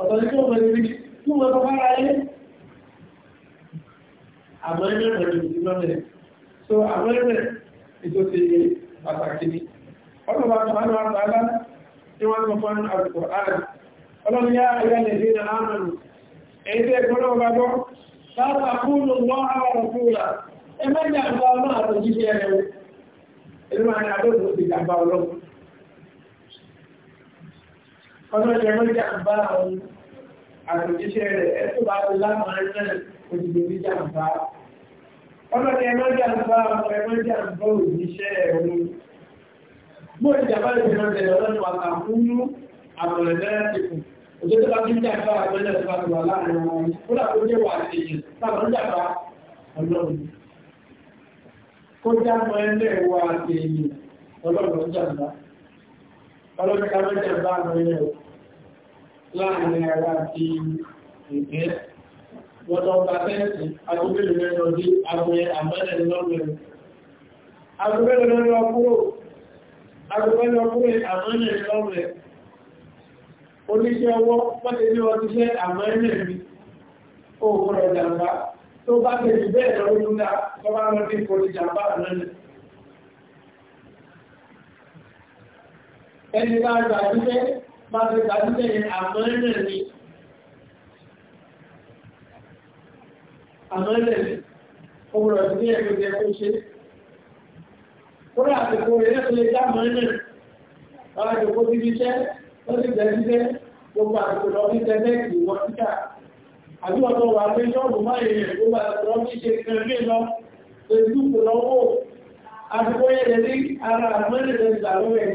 ọ̀tọ̀ ní tí ó mọ̀ rí tí wọ́n kọ́ fara yé. àmọ́ ẹgbẹ́ rẹ̀ ló ti lọ́lẹ̀ so àmọ́ ẹgbẹ́ ètò ti pàtàkì ni ọ̀tọ̀ bá tó hánú àtàlá tí wọ́n kọ́ fún àlùkò àrà ọlọ́run ẹni máa ní abẹ́bù ti jàmbá ọlọ́run ọdún ọjọ́ ẹgbẹ́ jàmbá àwọn àtòjíṣẹ́ rẹ̀ ẹ̀tọ́ bá ti lámàá náà òjìgbè ní jàmbá ọdún ọjọ́ ẹgbẹ́ jàmbá àwọn ẹgbẹ́ jàmbá òjíṣẹ́ ẹ̀rù mú ìjàmbá ìjọba ìjọba ọlọ́run àtàkùnú àmọ̀rẹ̀ náà ti kù òjò tó bá fi ń jàmbá àwọn ẹgbẹ́ jàmbá wà láàrin wọn kó dámọ́ ẹlẹ́ wa àti èyí ọlọ́rọ̀ jàmbá ọlọ́rọ̀ kàmọ́ jàmbá àwọn ilẹ̀ láàrin ara àti ìgbẹ́ wọ́tọ̀ ọba tẹ́ẹ̀sì agbẹ́lẹ̀ lẹ́nà dé agbẹ́ àmọ́lẹ̀ lọ́rẹ̀ agbẹ́lẹ̀ lọ́rẹ̀ ọkúrò agbẹ́lẹ̀ ọkúrò àmọ́lẹ̀ lọ́rẹ̀ oníṣẹ́ ọwọ́ pọ́tẹ́ ní ọdún iṣẹ́ àmọ́lẹ̀ mi ó kọ́rọ̀ jàmbá tó bá tẹ̀lé bẹ́ẹ̀ lọ ló dá tó bá lọ sí ipò ìjàmbá lẹ́nu. ẹni bá gbàdúgbẹ́ bá ti gbàdúgbẹ́ yẹn àmọ́ ẹ̀rẹ̀ ni àmọ́ ẹ̀rẹ̀ ni òun rẹ̀ ní ẹ̀rọ jẹ́ kó ṣe. ó rà àsìkò rẹ̀ lẹ́sọ̀ lè dá àmọ́ ẹ̀rẹ̀ bá a jòkó síbi iṣẹ́ ó sì gbẹ̀dúgbẹ́ gbogbo àsìkò lọ sí tẹ́lẹ̀ ìwọ̀n àbí ọ̀tọ̀ wà pé ṣọ́ọ̀bù máa èèyàn tó bá ẹ̀rọ ní ṣe kẹrẹ lọ pẹ̀lú lọ́wọ́ àfikọ́yẹ̀ rẹ̀ ní ara àmọ́lẹ̀ rẹ̀ ìgbàlúwẹ̀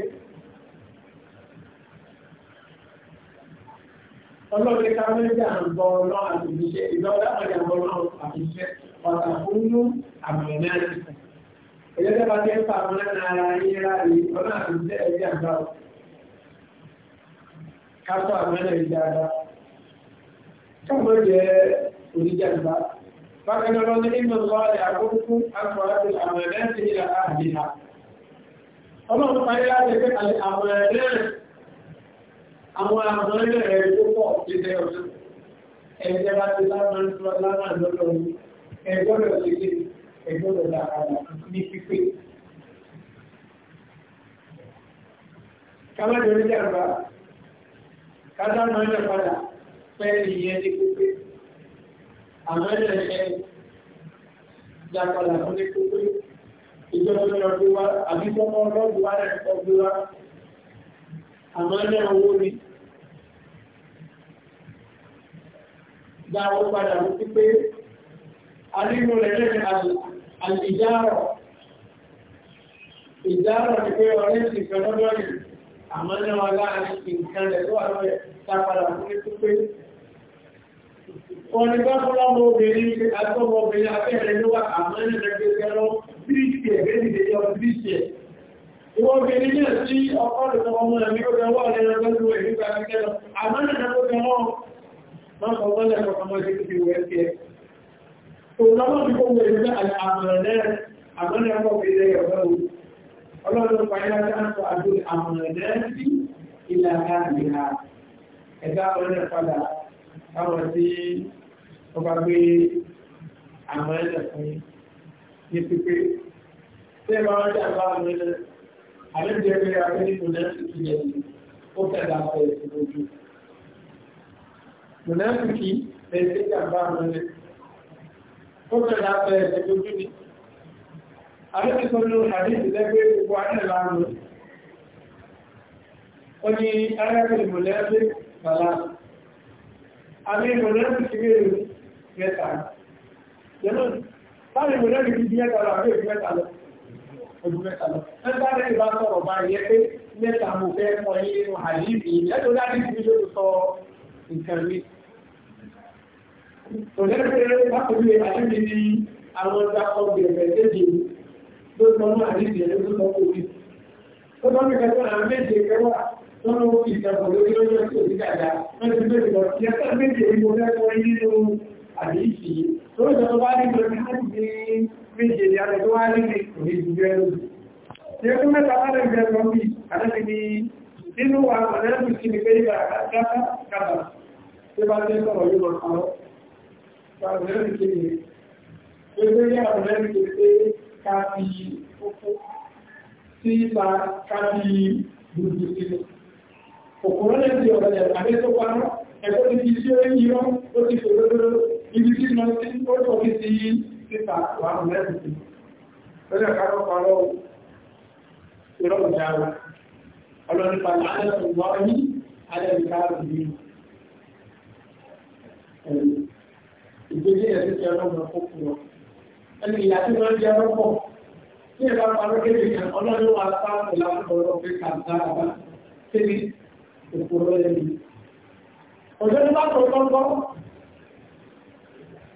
ọlọ́rẹ̀ káwẹ́jà ń bọ́ ọlọ́ àtìṣẹ́ ìlọ́dá ọjà bọ́ ọlọ́ àtìṣẹ́ ọ̀tà fúnnú àmọ̀lẹ́ ẹ̀yẹ́dẹ́ bá jẹ́ pàmọ́lẹ́ ara yẹ́ ráàrí ọlọ́ àtìṣẹ́ ẹ̀yẹ́ àgbà káwọn jẹ́ oníjàmbá bákan lọ ní inú lọ́ọ̀lẹ̀ àkókò àkọ́rẹ́tì àwọn ẹ̀rẹ́ ti ilẹ̀ àdìhà ọlọ́run parí láti pé àwọn ẹ̀rẹ́ àwọn àwọn ẹ̀rẹ́ tó pọ̀ ìdẹ̀ ọ̀sán ẹ̀jẹ̀ bá ti lámà lọ́dọ̀ ẹgbọ́dọ̀ ti gbé ẹgbọ́dọ̀ dáadáa ní pípé káwọn jẹ́ padà fẹ́ẹ̀rì yẹn ní pípé àmọ́ ẹ̀rẹ̀ ìjàpàdà fún ní pípé ìjọba ọdún wa àbí tọ́mọ ọlọ́dún wa rẹ̀ ọdún wa àmọ́ ẹ̀rẹ̀ owó ni gba owó padà fún pípé alínú rẹ̀ lẹ́nu àlìjárọ̀ ìjárọ̀ ni pé ọ̀rẹ́ sì fẹ́ lọ́dọ̀ yìí àmọ́ ẹ̀rẹ̀ wa láàrin tó wà lọ́yẹ̀ tá padà fún pípé Òní bá fún lọ́mọ obìnrin ṣe àtọ́mọ obìnrin abẹ́rẹ́ ló wà àmọ́ ẹni lẹ́gbẹ́ fẹ́rọ tíríṣì ẹ̀ bẹ́ẹ̀ nìdè yọ tíríṣì ẹ̀. Ìwọ obìnrin náà tí ọkọ lọ́tọ́ ọmọ ẹ̀mí ó bẹ wọ́ ọ̀lẹ́ lọ́dún ẹ̀mí gba akẹ́kẹ́ lọ. Àmọ́ ẹni lẹ́gbẹ́ fẹ́rọ máa kọ́ wọ́lẹ̀ ọmọ ẹ̀mí ti wẹ̀ ẹ́ tiẹ̀. Òǹdọ́mọ̀ ti kó wẹ̀ ní àmọ̀lẹ́ àmọ́lẹ́ ọmọ obìnrin ẹ̀yọ̀ Ọlọ́run pàyẹ́ láti àjò àmọ̀lẹ́ ọba gbé àmọ́ ẹ̀dà fún yín ní pípé tẹ́ bá wọ́n dàgbà àmọ́ ẹ̀dà àlejò ẹgbẹ́ abẹ́ nínú nẹ́ẹ̀sìkì yẹn ó fẹ́ẹ̀dà fẹ́ ẹ̀sìn lójú. Mùnẹ́sìkì ẹ̀sìn dàgbà àmọ́ ẹ̀dà ó fẹ́ẹ̀dà fẹ́ ẹ̀sìn lójú ni. Àlejò sọ nínú àdéhùn lẹ́gbẹ́ gbogbo àdéhùn lánàá. Ó ní arábìnrin mùnẹ́sìkì bàlá. Àmì mùnẹ́sìkì rèé mẹ́ta yẹnu báyìí mo lẹ́rìí bíbí mẹ́ta lọ àbí èdè mẹ́ta lọ ojú mẹ́ta lọ ẹgbẹ́ rẹ̀ bá sọ̀rọ̀ bá yẹ pé mẹ́ta mo fẹ́ mọ ẹyẹ nínú àyíbí ẹjọ́ láti fi ló sọ nǹkan mi. òlẹ́gbẹ̀rẹ́ lápòlù àyíbí ni àwọn ọjà ọgbẹ̀ ẹ̀ẹ́dẹ́gbẹ̀ ló sọ mọ́ àyíbí ẹ̀ ló sọ kóbi. ó bá mi kẹ́kọ̀ọ́ àwọn méje kẹwàá wọ́n ló fi ìtàkùn lórí lọ́jọ́ sí òdìdàdà wọ́n ti bẹ̀rẹ̀ lọ sí ẹ̀ka méje ìgbòmẹ́kọ̀ọ́ nínú hadisi tó jẹ́ tó bá ní lórí láti tó wá ẹ̀kọ́ ti fi sí orí yíyọ́ ó ti fòrò lórí ibi tí lọ sí ó tó ní sí títà wà lẹ́sìn lọ́jọ́ kárọ̀ parọ́ ìrọ̀lù jáwà ọlọ́ni pàdé alẹ́sùn wọ́n ní alẹ́sùn kárọ̀ ní ìgbésí ẹ̀sìn tí ọlọ́run kó kú lọ ẹni ìyá tí wọ́n jẹ́ ọlọ́pọ̀ tí ẹ bá parọ́ kéde kan ọlọ́run wà sáàpù lápọ̀lọ́ ọjọ́ nípa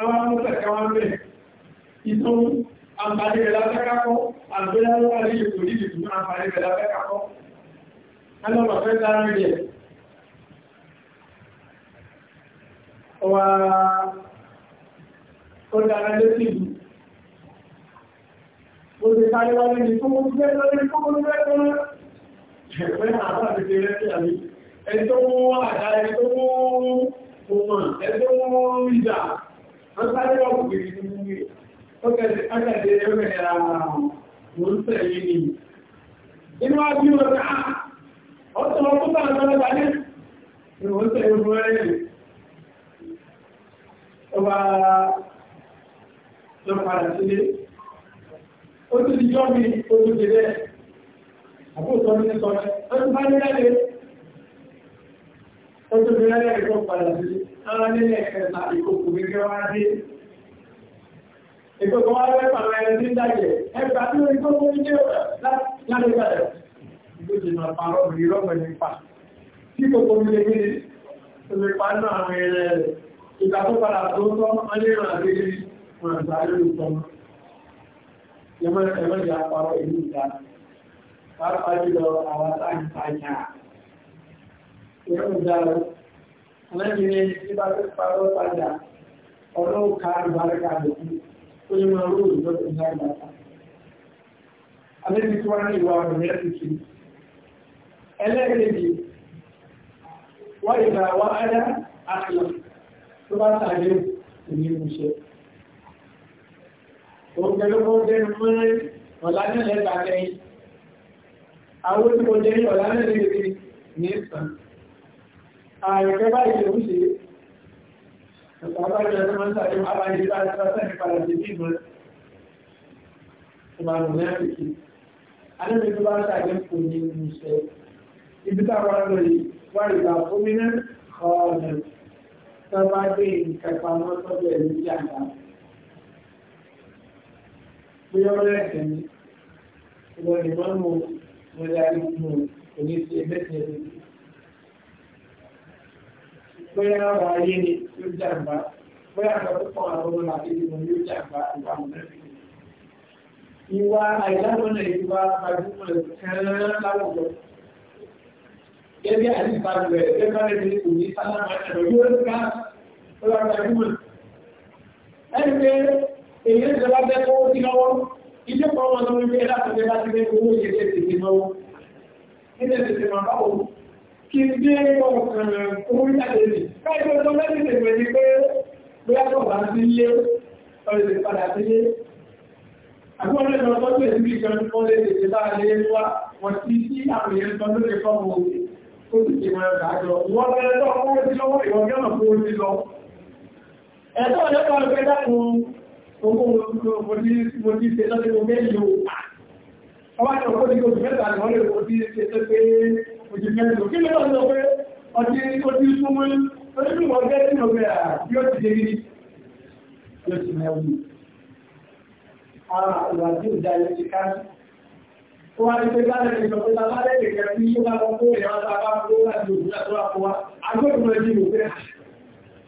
ẹwà mú sẹ̀kẹwà ń bẹ̀ ìtò àǹfààní rẹ̀ lábẹ́kàkọ́ àgbéyà lọ́wọ́ ní ètò ìdìbò fún àǹfààní rẹ̀ lábẹ́kàkọ́ ẹlọ́rọ̀ fẹ́ dára rẹ̀ ọwà ó dára létí ìlú ó ti sáré wá ní ìfowó fẹ́ lórí fowó fẹ́ lórí ẹ̀fẹ́ àwọn àti ti rẹ̀ sí àmì ẹ̀tọ́ àdá ẹ̀tọ́ ọmọ ìjà wọ́n sáré wọ́n gbé nínú rẹ̀ ó kẹ́kẹ́ ẹgbẹ́ ẹ̀rọ mò ń tẹ̀lé ni inú àbí wọn ká ọ̀tọ̀ wọn kó bá ọ̀tọ̀ bá ní ìwọ̀n ń tẹ̀lé fún ẹ̀rẹ́ ọba lọ padà sílé ó ti di jọ́bi ojú jẹ́rẹ́ àbúrò ní sọ́ọ́ ọdún bá ní lẹ́lẹ́ ọdún bí lẹ́lẹ́ ìjọ padà sílé ọ̀rọ̀ nílẹ̀ ẹ̀kẹta ìkòkò gẹ́gẹ́ wá dé. Ìkòkò wá rẹ̀ pàrọ̀ ẹni tí ń dàjẹ̀, ẹgbà tí ó ìkòkò ń jẹ́ láti bẹ̀rẹ̀. Ìgbèjì náà parọ́ mi rọ́pẹ̀ nípa. Tí kòkò mi lè gbé omi pa náà àwọn ẹrẹ rẹ̀. Ìgbà tó padà tó ń tọ́, wọ́n lè ràn àgbé wọn àgbà lórí tọ́. Ẹmọ́ ẹ̀mọ́ ìyá parọ́ ìlú ìta. Pápá jùlọ àwọn táyì táyà. Ìyá lẹ́yìn tí bá tó parọ́ padà ọlọ́run ká àlùbáríkà lòkú ó ní máa rú òjò tó ní àgbàtà. Àlejò tí wọ́n ní ìwà ọ̀rọ̀ rẹ̀ ti kiri. Ẹlẹ́ẹ̀kejì, wọ́n ìgbà wá ádá àkìlọ̀ tó bá tàbí ìní ìmúṣẹ. Òun pẹ̀lú kó jẹ́ mọ́rin ọ̀la nílẹ̀ Àwọn tí mo jẹ́ ọ̀la ìsàn ààrẹ̀kẹ́ báyìí ló ń ṣe ọ̀pọ̀lọpọ̀ ẹgbẹ́ máa ń sàrí aláyé láti sọ́sẹ́ ìpàdé sí ìmọ̀ ìmọ̀ràn mẹ́rìnkì alẹ́bẹ̀ tó bá ń sàrí kò ní ìṣẹ́ ibi táwọn ọ̀rọ̀ yìí wà ìgbà fómìnà ọ̀nà tó bá gbé nǹkan pamọ́ sọ́dọ̀ ẹ̀mí bóyá ìwà mọ̀lẹ́bí. ìwà àìlágbọ́nà ìwà gbajúmọ̀ láwùjọ. gẹ́gẹ́ àti ìbálẹ̀ ẹgbẹ́rẹ́ mi kò ní sálámà ẹ̀rọ yóò ká ọlọ́ gbajúmọ̀. ẹni pé èyí ń sọ lábẹ́ kó kí n bí ọkàn orí jáde nì káàkiri ọjọ́ mẹ́rin lè pẹ̀lú pé bóyá tó wà sí ilé ọ̀rẹ́ padà sí ilé àgbọ́n lè lọ tọ́jú èsì bí kan wọ́n lè tètè bá lè wá wọ́n ti sí àwọn èèyàn tán lórí fọ́ọ̀mù ó sì ti wọn dájọ́ wọ́n bẹ̀rẹ̀ tó ọkọ̀ sí lọ́wọ́ ìwọ̀n gẹ́nà kó sí lọ ẹ̀tọ́ ọ̀rẹ́ kan fẹ́ dákun ogún mo ti ṣe lọ́sẹ̀ mo mẹ́lò ọwọ́ àti ọkọ̀ sí oṣù mẹ́ta ni wọ́n lè mo Wọ́n á ti pé láàrin ìjọba lábẹ́ ìrẹ̀kẹ́ tí yíó bá lọ kó ìyàwó tàbá kó láti òjúlá tó àkọwà. Agbóòrùn ẹni ìlú pé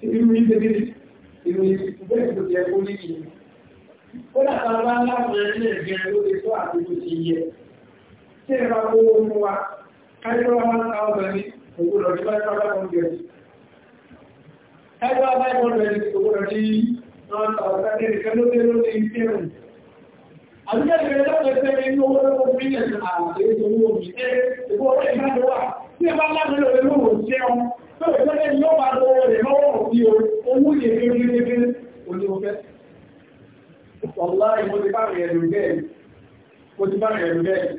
ìlú ìdẹ́gbẹ́ ìlú ìgbẹ́ ìgbẹ́ ẹ̀kọ́ ní ìlú. Ó dàtà bá láàrin ẹni ẹ̀gẹ́ ló lè tó àkókò ti yẹ. Tí ẹ̀rọ Ẹjọ́ ọmọ ọ̀gbẹ̀ ní owó lọ sí 500. Ẹjọ́ ọmọ ọ̀gbẹ̀ ní owó lọ sí 1,000. Àdúgbẹ́ ìrẹ́lẹ́ ọ̀pẹ̀ ṣe ní owó lọ́pọ̀ mílíọ̀nù àti ètò owó mi. Ẹ ìgbọ́ ìgbàjọ́ wà tí ẹ bá lábẹ́ lọ́rẹ̀ lóòrùn jẹun tó ìgbẹ́lẹ̀ yóò bá lọ́wọ́ rẹ̀ lọ́wọ́ òfin owó yẹ gẹ́gẹ́gẹ́ olóòfẹ́. Ọ̀lá ìmọ̀ ti bá rẹ̀ ẹ̀rù bẹ́ẹ̀.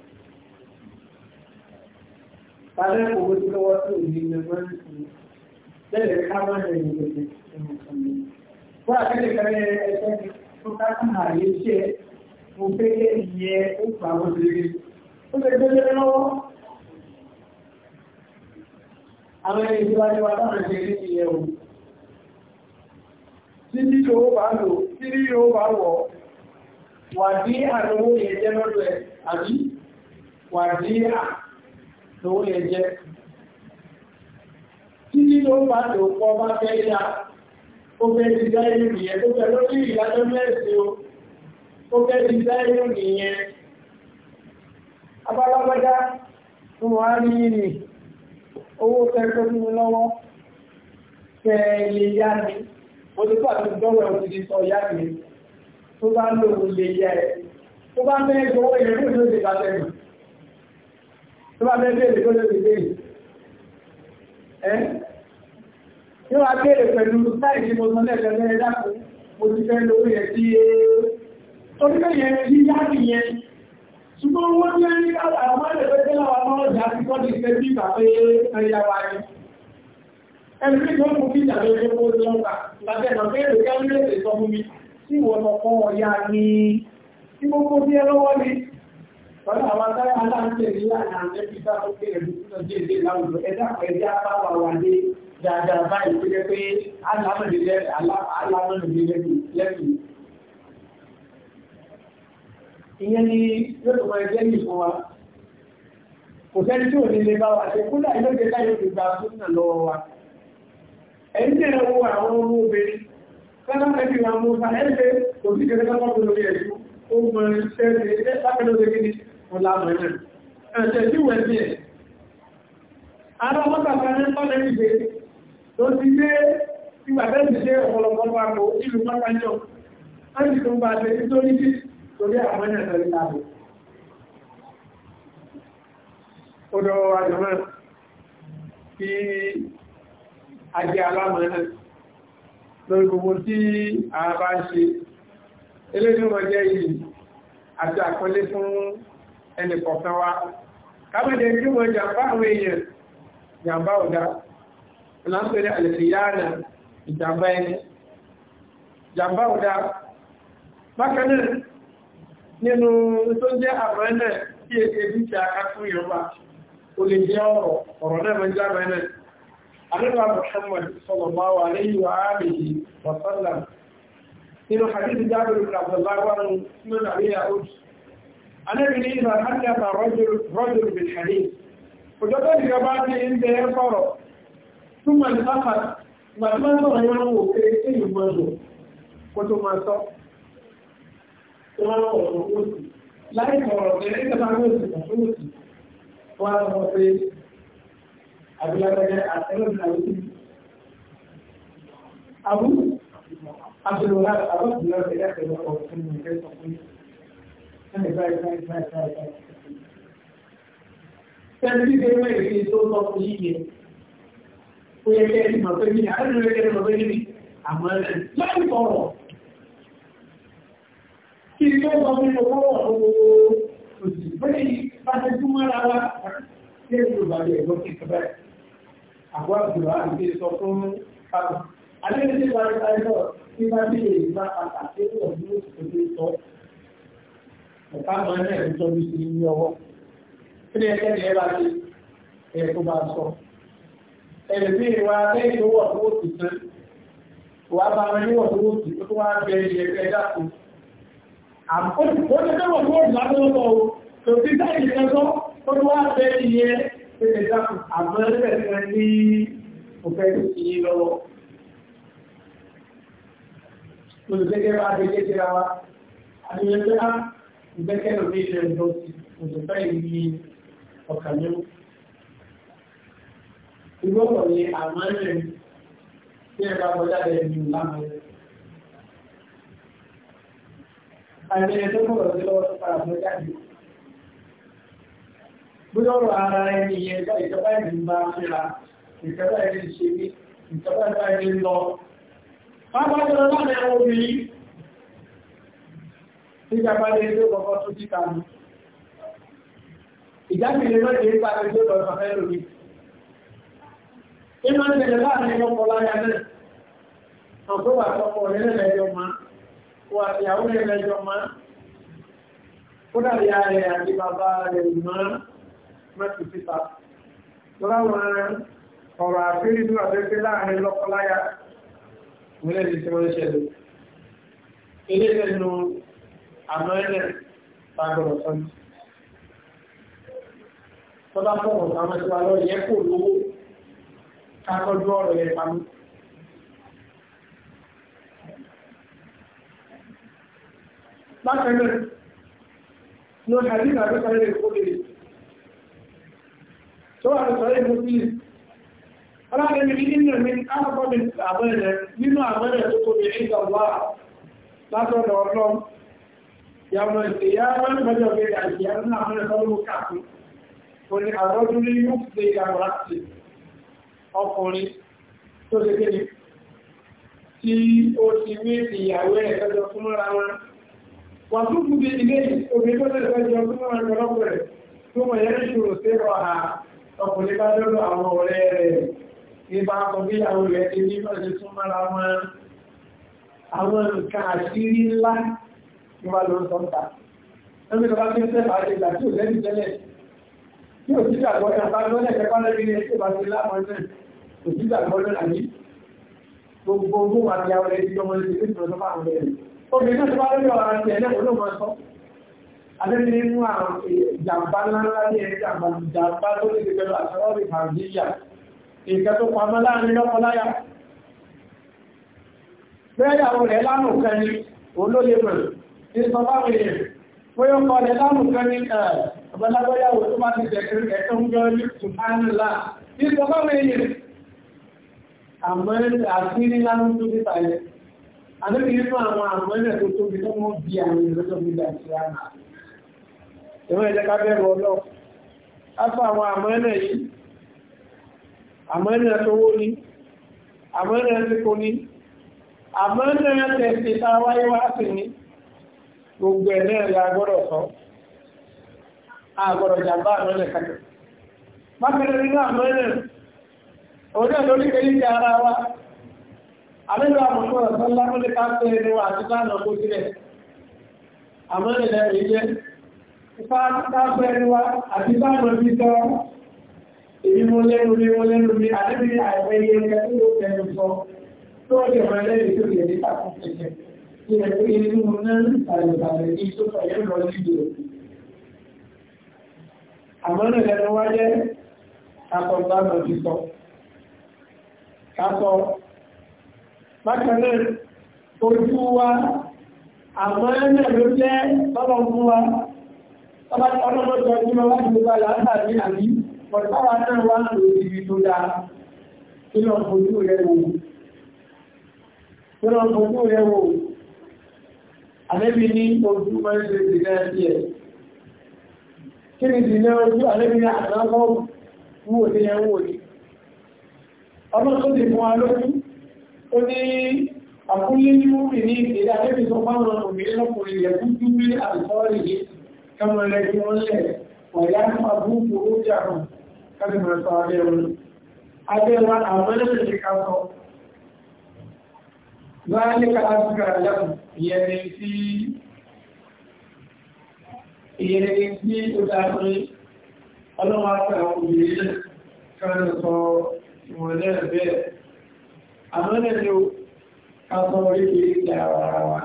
tàbí owó tí lọ́wọ́ tó ní ilẹ̀ mọ́rìsì lẹ́lẹ̀ káwọn ẹ̀yìn lẹ́lẹ̀ fún àkẹ́lẹ̀ kẹrẹ ẹgbẹ́ tó káàkiri ààyè iṣẹ́ mo fẹ́ yẹ ó fà àwọn òṣèré ó lè gbẹ́lẹ́ lọ́wọ́ àwọn ẹni tó wáyé wa táwọn ẹgbẹ́ ní ìyẹ̀ o títí yóò wà lò wọ̀ wà dí àdánwò yẹn lọ́dọ̀ ẹ̀ àbí wà dí àdánwò lówó yẹn jẹ́ títí ló bá lò pọ̀ bá fẹ́ yá ó fẹ́ ti dá inú nìyẹn tó fẹ́ lórí ìdájọ́ mẹ́sìn o ó fẹ́ ti dá inú nìyẹn abálágbádá tó wà ní ìní owó fẹ́ tó fún mi lọ́wọ́ fẹ́ lè yá mi mo ti pàtó dọ́wọ́ ẹ̀ ti sọ yá mi tó bá lò ó lè yá ẹ̀ tó bá fẹ́ gbọ́wọ́ ìrẹ́lú tó bá bẹ́ẹ̀ bẹ́ẹ̀ tó lè bèèrè ẹ́ tí wọ́n bèèrè pẹ̀lú táìsí mo sọ lẹ́ẹ̀kẹ́ lẹ́ẹ̀ dákò mo ti fẹ́ lórí ẹ̀ tí é orílẹ̀ yẹn ní yáàbì yẹn ṣùgbọ́n wọ́n ní ẹni káwọn ọmọ ẹ̀lẹ́fẹ́ láwọn ọmọ ọjà ti kọ́ ti fẹ́ bí ìgbà pé ẹ̀yà wa ni ẹni tí wọ́n mú kí ìjàdó ẹgbẹ́ kó lọ́gbà lábẹ́ ẹ̀nà pé èrò kẹ́lú lè sọ fún mi tí ìwọ̀n ọkọ̀ ọ̀yà ni tí gbogbo bí ẹ lọ́wọ́ ni Ọ̀nà àwọn akáyà aláǹtẹ̀lẹ́ ìlànà ẹbí bá ó kéré lókùn náà dé ìdè láwùjọ ẹ̀dá ẹ̀dá bá wà wà ní dáadáa báyìí tó jẹ́ pé alámọ̀lẹ́lẹ́ Ìyẹn ni yóò tó máa jẹ́ nìkan wa. Kò sẹ́ni tí ò ní lè bá wa ṣe kúlà ìlọ́jẹ́ láyé ti gba gómìnà lọ́wọ́ wa. Ẹ̀yìn tí ẹ̀rọ wo àwọn ọmọ obìnrin. Kọ́lá ọlámẹ́rẹ̀ ẹ̀ṣẹ̀ tí wẹ̀ bí ẹ̀ ara mọ́tàkà ní ọ̀nà ìgbé tó ti gbé ìgbàgbẹ́ ti ṣe ọ̀pọ̀lọpọ̀ pàpọ̀ ìlú mọ́tàjọ́ láti tó ń bá ṣe nítorí tí torí àwọn ẹ̀ṣẹ̀ ìlàbò ọdọ̀ àjọ̀mọ́ kí ajẹ́ alámẹ́rẹ̀ lórí gbogbo tí a bá ń ṣe eléyìí wọ́n jẹ́ yìí àti àkọlé fún ẹnì kọ̀ọ̀kan wa kábẹ̀dẹ̀ tí wọ́n jàmbá àwọn èèyàn jàmbá ọ̀dá ìlànà àlèfìyànà ìjàmbá ẹni jàmbá ọ̀dá bákanáà nínú tó jẹ́ àbẹ̀ẹ́nà tí èdè bí i àkákún yorùbá o lè jẹ́ ọ̀rọ̀ ọ̀rọ̀ Muhammad sallallahu alayhi wa alihi wa sallam nínú hadith jábẹ̀ rẹ̀ àbẹ̀láwà anábìnrin ìlà hádàtà rọ́jùlù bin hadith òjò tó ti gaba ti ń bẹ ẹ sọ̀rọ̀ túmọ̀ ní pápá ìgbà tí wọ́n sọ̀rọ̀ yẹn wò pé èyí mọ́ lò kó tó máa sọ tó máa wọ̀ ọ̀rọ̀ òsì láì sọ̀rọ̀ pé ẹ̀ka máa ń òsì kàtó òsì wọ́n á sọ pé àbílágbẹ́jẹ́ àtẹ́lẹ́bìnrin àwòsí àbú àbúrò àbúrò àbúrò ẹ̀ka ìlọ́kọ̀ọ́ fún ìgbésọ̀ fún ìgbésọ̀ Tẹ́lẹ̀ bí bẹ́ẹ̀ tó lọ fún yíyẹ. Ó yẹ kẹ́rin mọ̀ pé ní àárín rẹ̀ kẹ́rin mọ̀ pé ní àmọ́ ẹ̀rẹ̀ láti tọrọ. Kí ni ó sọ fún ọwọ́ ọ̀rọ̀ òsì bẹ́ẹ̀ ni bá ẹ̀ka mọ́ náà ń tọ́jú sí ní ọwọ́ kí ni ẹgbẹ́ ni ẹ bá ṣe ẹ̀ tó bá sọ ẹ̀rẹ̀bí wa lẹ́yìn tó wọ̀ tó ti tán wà bá wọn níwọ̀ tó ti tó tó wá bẹ ilẹ̀ ẹgbẹ́ dákun àkókò tó tẹ́wọ̀ tó wọ̀ lọ́wọ́ o tó ti sáyẹ̀ lọ́wọ́ tó tó wá bẹ ilẹ̀ a ti kékeré ìgbẹ́kẹ̀lẹ̀ ní ilẹ̀ ẹjọ́ ti òṣèlú ìlú ọ̀kànlẹ́wò ìgbọ́pọ̀ ni àmọ́lẹ̀ tí ẹ bá kọjá lẹ̀ ní ìlànàlẹ̀ àìlẹ̀ tó kọ̀rọ̀ sí lọ́wọ́ tó fara mọ́ jáde gbọ́dọ̀ ara ẹni yẹn bá ìjọba ìlú bá fẹ́ra ìjọba ìlú ṣe bí ìjọba ìlú lọ Pápá jọ láàrin àwọn obìnrin níjàmbá lè ló kọ́kọ́ tó ti kàánú ìjákèlè lọ́dẹ̀ nípa ẹgbẹ́ lọ sọ fẹ́ lórí ìmọ̀ ń tẹ̀lé láàrin ọkọ̀ láyà náà ọ̀pọ̀ wà tọkọ̀ nílẹ̀lẹ́jọ ma wà ìyàwó nílẹ̀lẹ́jọ ma kódà ìyá rẹ̀ àti bàbá rẹ̀ mọ́ mẹ́tì síta láwọn ọ̀rọ̀ àfírí tó àfẹ́fẹ́ àmọ́ ẹ̀lẹ̀ tàgbọ̀rọ̀ sọ́jú tọ́lá fọ́wọ̀ sáwọn ẹ̀sùn alọ́ yẹ kò lówó kákọ́jú ọ̀rọ̀ yẹ pamọ́ bákanáà ní ọjà ní ìgbà tó sáré èkó lèrè tó wà lọ sáré èkó sílẹ̀ ọlọ́pàá ní nínú mi káàkọ́ mi àbẹ́rẹ̀ nínú àbẹ́rẹ̀ tó kò ní ìgbà wà látọ̀dọ̀ ọlọ́run yàmọ̀ ìyàmọ̀ lọ́jọ́ bèèrè àti yàmọ̀ náà mọ́lẹ̀ sọ́lọ́wọ́ káàkùn orí àrọ́dúnlé yóò fi àwọn àti ọkùnrin tó ṣe kéde tí ó ti ní ìyàwó ẹ̀ lọ́jọ́ fún mọ́ra wọn wà tó kú bí ilé obìnrin tó lẹ́sẹ̀ jọ fún mọ́ra lọ́pọ̀ rẹ̀ tó mọ̀ yẹn ṣòro sí rọ̀ à ọkùnrin bá lọ́dọ̀ àwọn ọ̀rẹ́ rẹ̀ nípa akọ bí àwọn rẹ̀ ti ní mọ̀ sí fún mọ́ra wọn àwọn nǹkan àṣírí ńlá kí wọ́n lọ sọ níta. Ẹni tó bá gbé ṣẹ́ bá ṣe ìgbà tí ò lẹ́nu tẹ́lẹ̀. Tí ò sígbà gbọ́ ẹ̀ka lọ́lẹ̀ kẹ́kọ́ lẹ́bi ní ẹ̀ṣẹ́ bá ṣe láwọn ẹ̀ṣẹ́. Kò sígbà gbọ́ lọ́la yìí. Gbogbo ogún àti àwọn ẹ̀ṣẹ́ tí ọmọ ẹ̀ṣẹ́ tó tó máa ń bẹ̀rẹ̀. Obìnrin náà tó bá lórí ọ̀rọ̀ àti ẹ̀lẹ́ òun ló máa sọ. Adébí nínú àwọn ìjàmbá ńláńlá ní ẹ̀rí ìjàmbá tó lè ṣe pẹ̀lú kan ni òun ìsọ̀báwìyàn bóyá ń kọlẹ̀ lánùkan ní ọ̀bọ̀lágbọ́yàwó tó máa ti tẹ̀kiri ẹ̀kọ́ ń jọ ní ṣùgbọ́nlá ìsọ̀báwìyàn àmọ́ àṣírí lánùkan tó ti tàyẹ̀ àdébì nínú àwọn àmọ́lẹ̀ tó tóbi tó mọ́ bí àwọn ìrọ́jọ́ gbígbà ìṣẹ́yàmà ìwọ́n ẹ̀jẹ̀ ká bẹ̀rù ọlọ́ afọ àwọn àmọ́lẹ̀ yìí àmọ́lẹ̀ tó wó ní àmọ́lẹ̀ tó kó ní àmọ́lẹ̀ tẹ̀sí táwáyé wá sí ni gbogbo ẹ̀ náà la gbọ́dọ̀ sọ àgbọ̀dọ̀ jàmbá àmọ́lẹ̀ kàtẹ̀. Mákàrẹ̀ nínú àmọ́lẹ̀ orí àlórí kẹ́líkẹ́ ara wa, àmẹ́lú àmọ́lẹ̀ ọ̀sánlá ló lè káàkiri ẹni wa àti sáànà kó sílẹ̀. Àmọ́lẹ̀ lẹ́rìí jẹ́, ipá káàkiri ẹni wa àti sáànà bí sọ, èyí mo lẹ́nu mi, mo lẹ́nu mi, àdébí àìfẹ́ iye ẹgbẹ́ tó ló tẹnu tí ẹ pé inú náà ìtàlẹ̀tàlẹ̀ ní tó fẹ̀yẹ́ lọ nílò. Àmọ́nà ẹ̀rọ wá jẹ́ àtọ̀gbàmọ̀ ti sọ. Kásọ, bákanáà ojú wa, àmọ́nà ló jẹ́ tọ́lọ̀ fún wa, tọ́lá ọlọ́mọ́jọ tí wọ́n wá ti gbogbo àlàáfà ní àbí, pọ̀tàwà náà wá ń lò ibi tó dáa, Kí lọ fojú rẹ̀ wò. Àlébí ní ojú máa ń ṣe ìdíná ẹ̀sí ẹ̀. Kí ni ìdíná ojú àlébí ní àtàkọ́ wú òní yẹn wú òní? Ọlọ́run tó ti fún wa lójú, ó ní àkúlé ní múrì ní ìdílé àlébí tó bá wọn òmìnir lọ́kùnrin yẹ kú jú bí àlùkọ́rì yìí kọ́mọ rẹ̀ kí wọ́n lẹ̀ wọ̀nyá fún abúkù ó jà hàn kábí mọ̀ sọ abẹ́ wọn. Abẹ́ wọn àwọn ẹlẹ́sìn ti ká sọ ذلك أذكر لكم يرثي يرثي أداري ọlọ́wọ́ àtàwọn obìnrin kan sọ ìwọ̀nlẹ́ bẹ́ẹ̀ àmọ́lẹ̀ ni ó kásọ orílẹ̀ èdè ara wa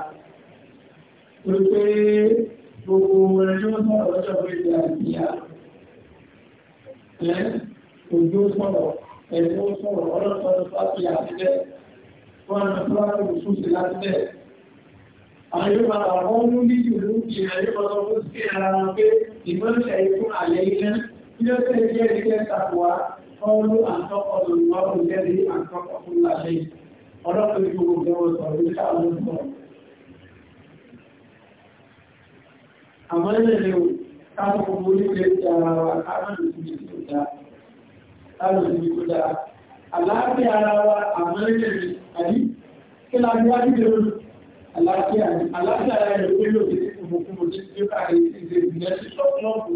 tó pé gbogbo wọn ni ó sọ̀rọ̀ lọ́jọ́ orílẹ̀ àdìyà ẹ́ òjò sọ̀rọ̀ ẹ̀sùn sọ̀rọ̀ ọlọ́sọ̀rọ̀ sáfì àti bẹ́ẹ̀ wọ́n lọ tó wáyé òṣù sí láti bẹ̀. Àwọn yóò máa wọ́n mú ní ìlú ìrìnà yóò lọ fún sí ara wọn pé ìmọ̀lẹ̀ ikún àlẹ́ iná tí ó tẹ̀ jẹ́ ìjẹ́ tàbùwá ọlú àtọ́kọ̀ọ́ lọ́wọ́ kò jẹ́rí àtọ́kọ̀ọ́ fún láṣẹ. Ọlọ́pàá ìlú gbogbo wọn sọ̀rọ̀ ní káwọn sọ̀rọ̀. Àmọ́ ilẹ̀ ni ó káwọn gbogbo oníkẹ́ ti ara wa káwọn ìlú ti tó àbí kí la ní wájú lè lò àlàáfíà ní àlàáfíà rẹ̀ ló pé lòdì sí kùmùkùmù tí ó káàrí ìdè ìdílé sí ṣọ́ọ̀pù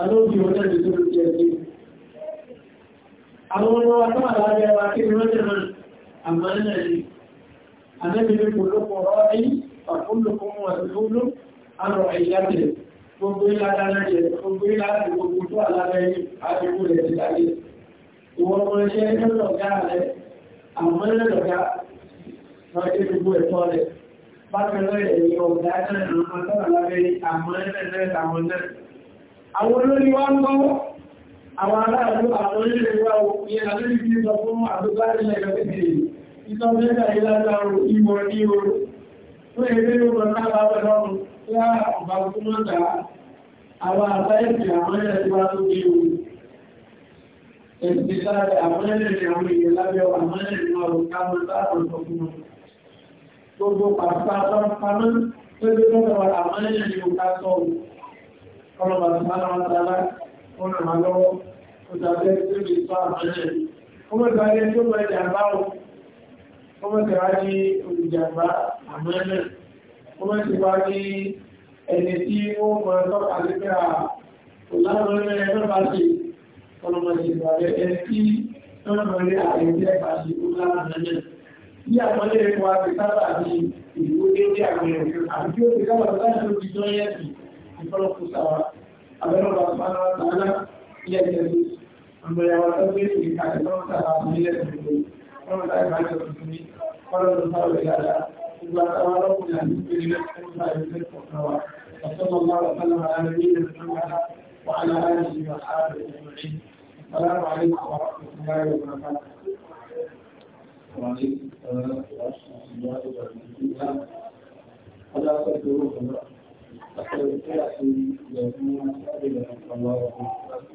alóòjì wọn náà lè lò sí ẹgbẹ́ àwọn ọmọ wa tó àlàáfíà wa kí ni wọ́n jẹ́ náà àmọ́ náà ni àdébìnrin kò ló pọ̀ rọ́ ẹ̀yìn pàkúlùkùn wà lóòlù àrọ̀ ẹ̀yà tẹ̀lé gbogbo ìlàdá náà jẹ gbogbo ìlàdá gbogbo tó àlàáfíà yìí àdébù rẹ̀ ti dàgbé ìwọ̀n ọmọ ẹ̀ṣẹ́ ẹ̀ṣẹ́ lọ́gá rẹ̀ àwọn ẹlẹ́lọ́gá wọ́n tí gbogbo ẹ̀tọ́ rẹ̀ bákanlẹ̀ ẹ̀yìn ọ̀gá náà àwọn tọ́rọ lábẹ́ àwọn ẹlẹ́lẹ́ àwọn náà àwọn olórí wá ń gbọ́wọ́ àwọn aláàrú àwọn olórí wá ní àlórí fi sọ fún àdúgbà ilẹ̀ ìgbẹ̀rẹ̀ ìtọ́jẹ́gbà ìlàjáró ìmọ̀ ní oru fún ẹgbẹ́ ìwọ̀n náà bá wọ́n lọ́rùn ìgbésàrẹ̀ àmọ́lẹ́rẹ̀ àwọn èèyàn lábẹ́ àmọ́lẹ́rẹ̀ ọ̀rọ̀ká mọ́ láàrín ọ̀pọ̀lọpọ̀ gbogbo pàtàkì pàmọ́ tó gbé lọ́wọ́ àmọ́lẹ́rẹ̀ ọ̀ká sọ́ọ̀ ọlọ́pàá tó bá láwọn tààlá ọ̀nà àlọ́wọ́ tó tàbí tó lè sọ àmọ́lẹ́rẹ̀ ọmọ ìgbàlẹ̀ tó mọ̀ ìjàmbá ọmọ ìgbàlẹ̀ olùjàmbá àmọ́lẹ́rẹ̀ ọmọ ìgbàlẹ̀ ẹni tí ó mọ̀ tọ́ka sí pé à ọlọ́mọdé ìgbàrẹ́ ẹ̀kí ọlọ́mọdé àìyẹ́ àti ìgbàláàrẹ̀ náà. Bí àpọ̀lẹ́ ẹ̀kọ́ àti sábà ní ìlú dédé àwọn ẹ̀kọ́ àti ó ti kábà láti ó ti jọ yẹ́sì ìfọ́lọ́pù sáwà. Abẹ́rọ̀lọ́ àpárá tààlá ilẹ̀ ìjẹ̀sí. Àmọ̀yàwó tó gbé ìkàlẹ̀ lọ́wọ́ sára àmúlẹ̀ ìgbẹ̀rẹ̀. Ọlọ́mọdé àìbájọ́ tuntun ní ọlọ́dún sáwà ìyára. وصلى الله وسلم على نبينا محمد وعلى اله وصحبه اجمعين Assalamualaikum warahmatullahi wabarakatuh.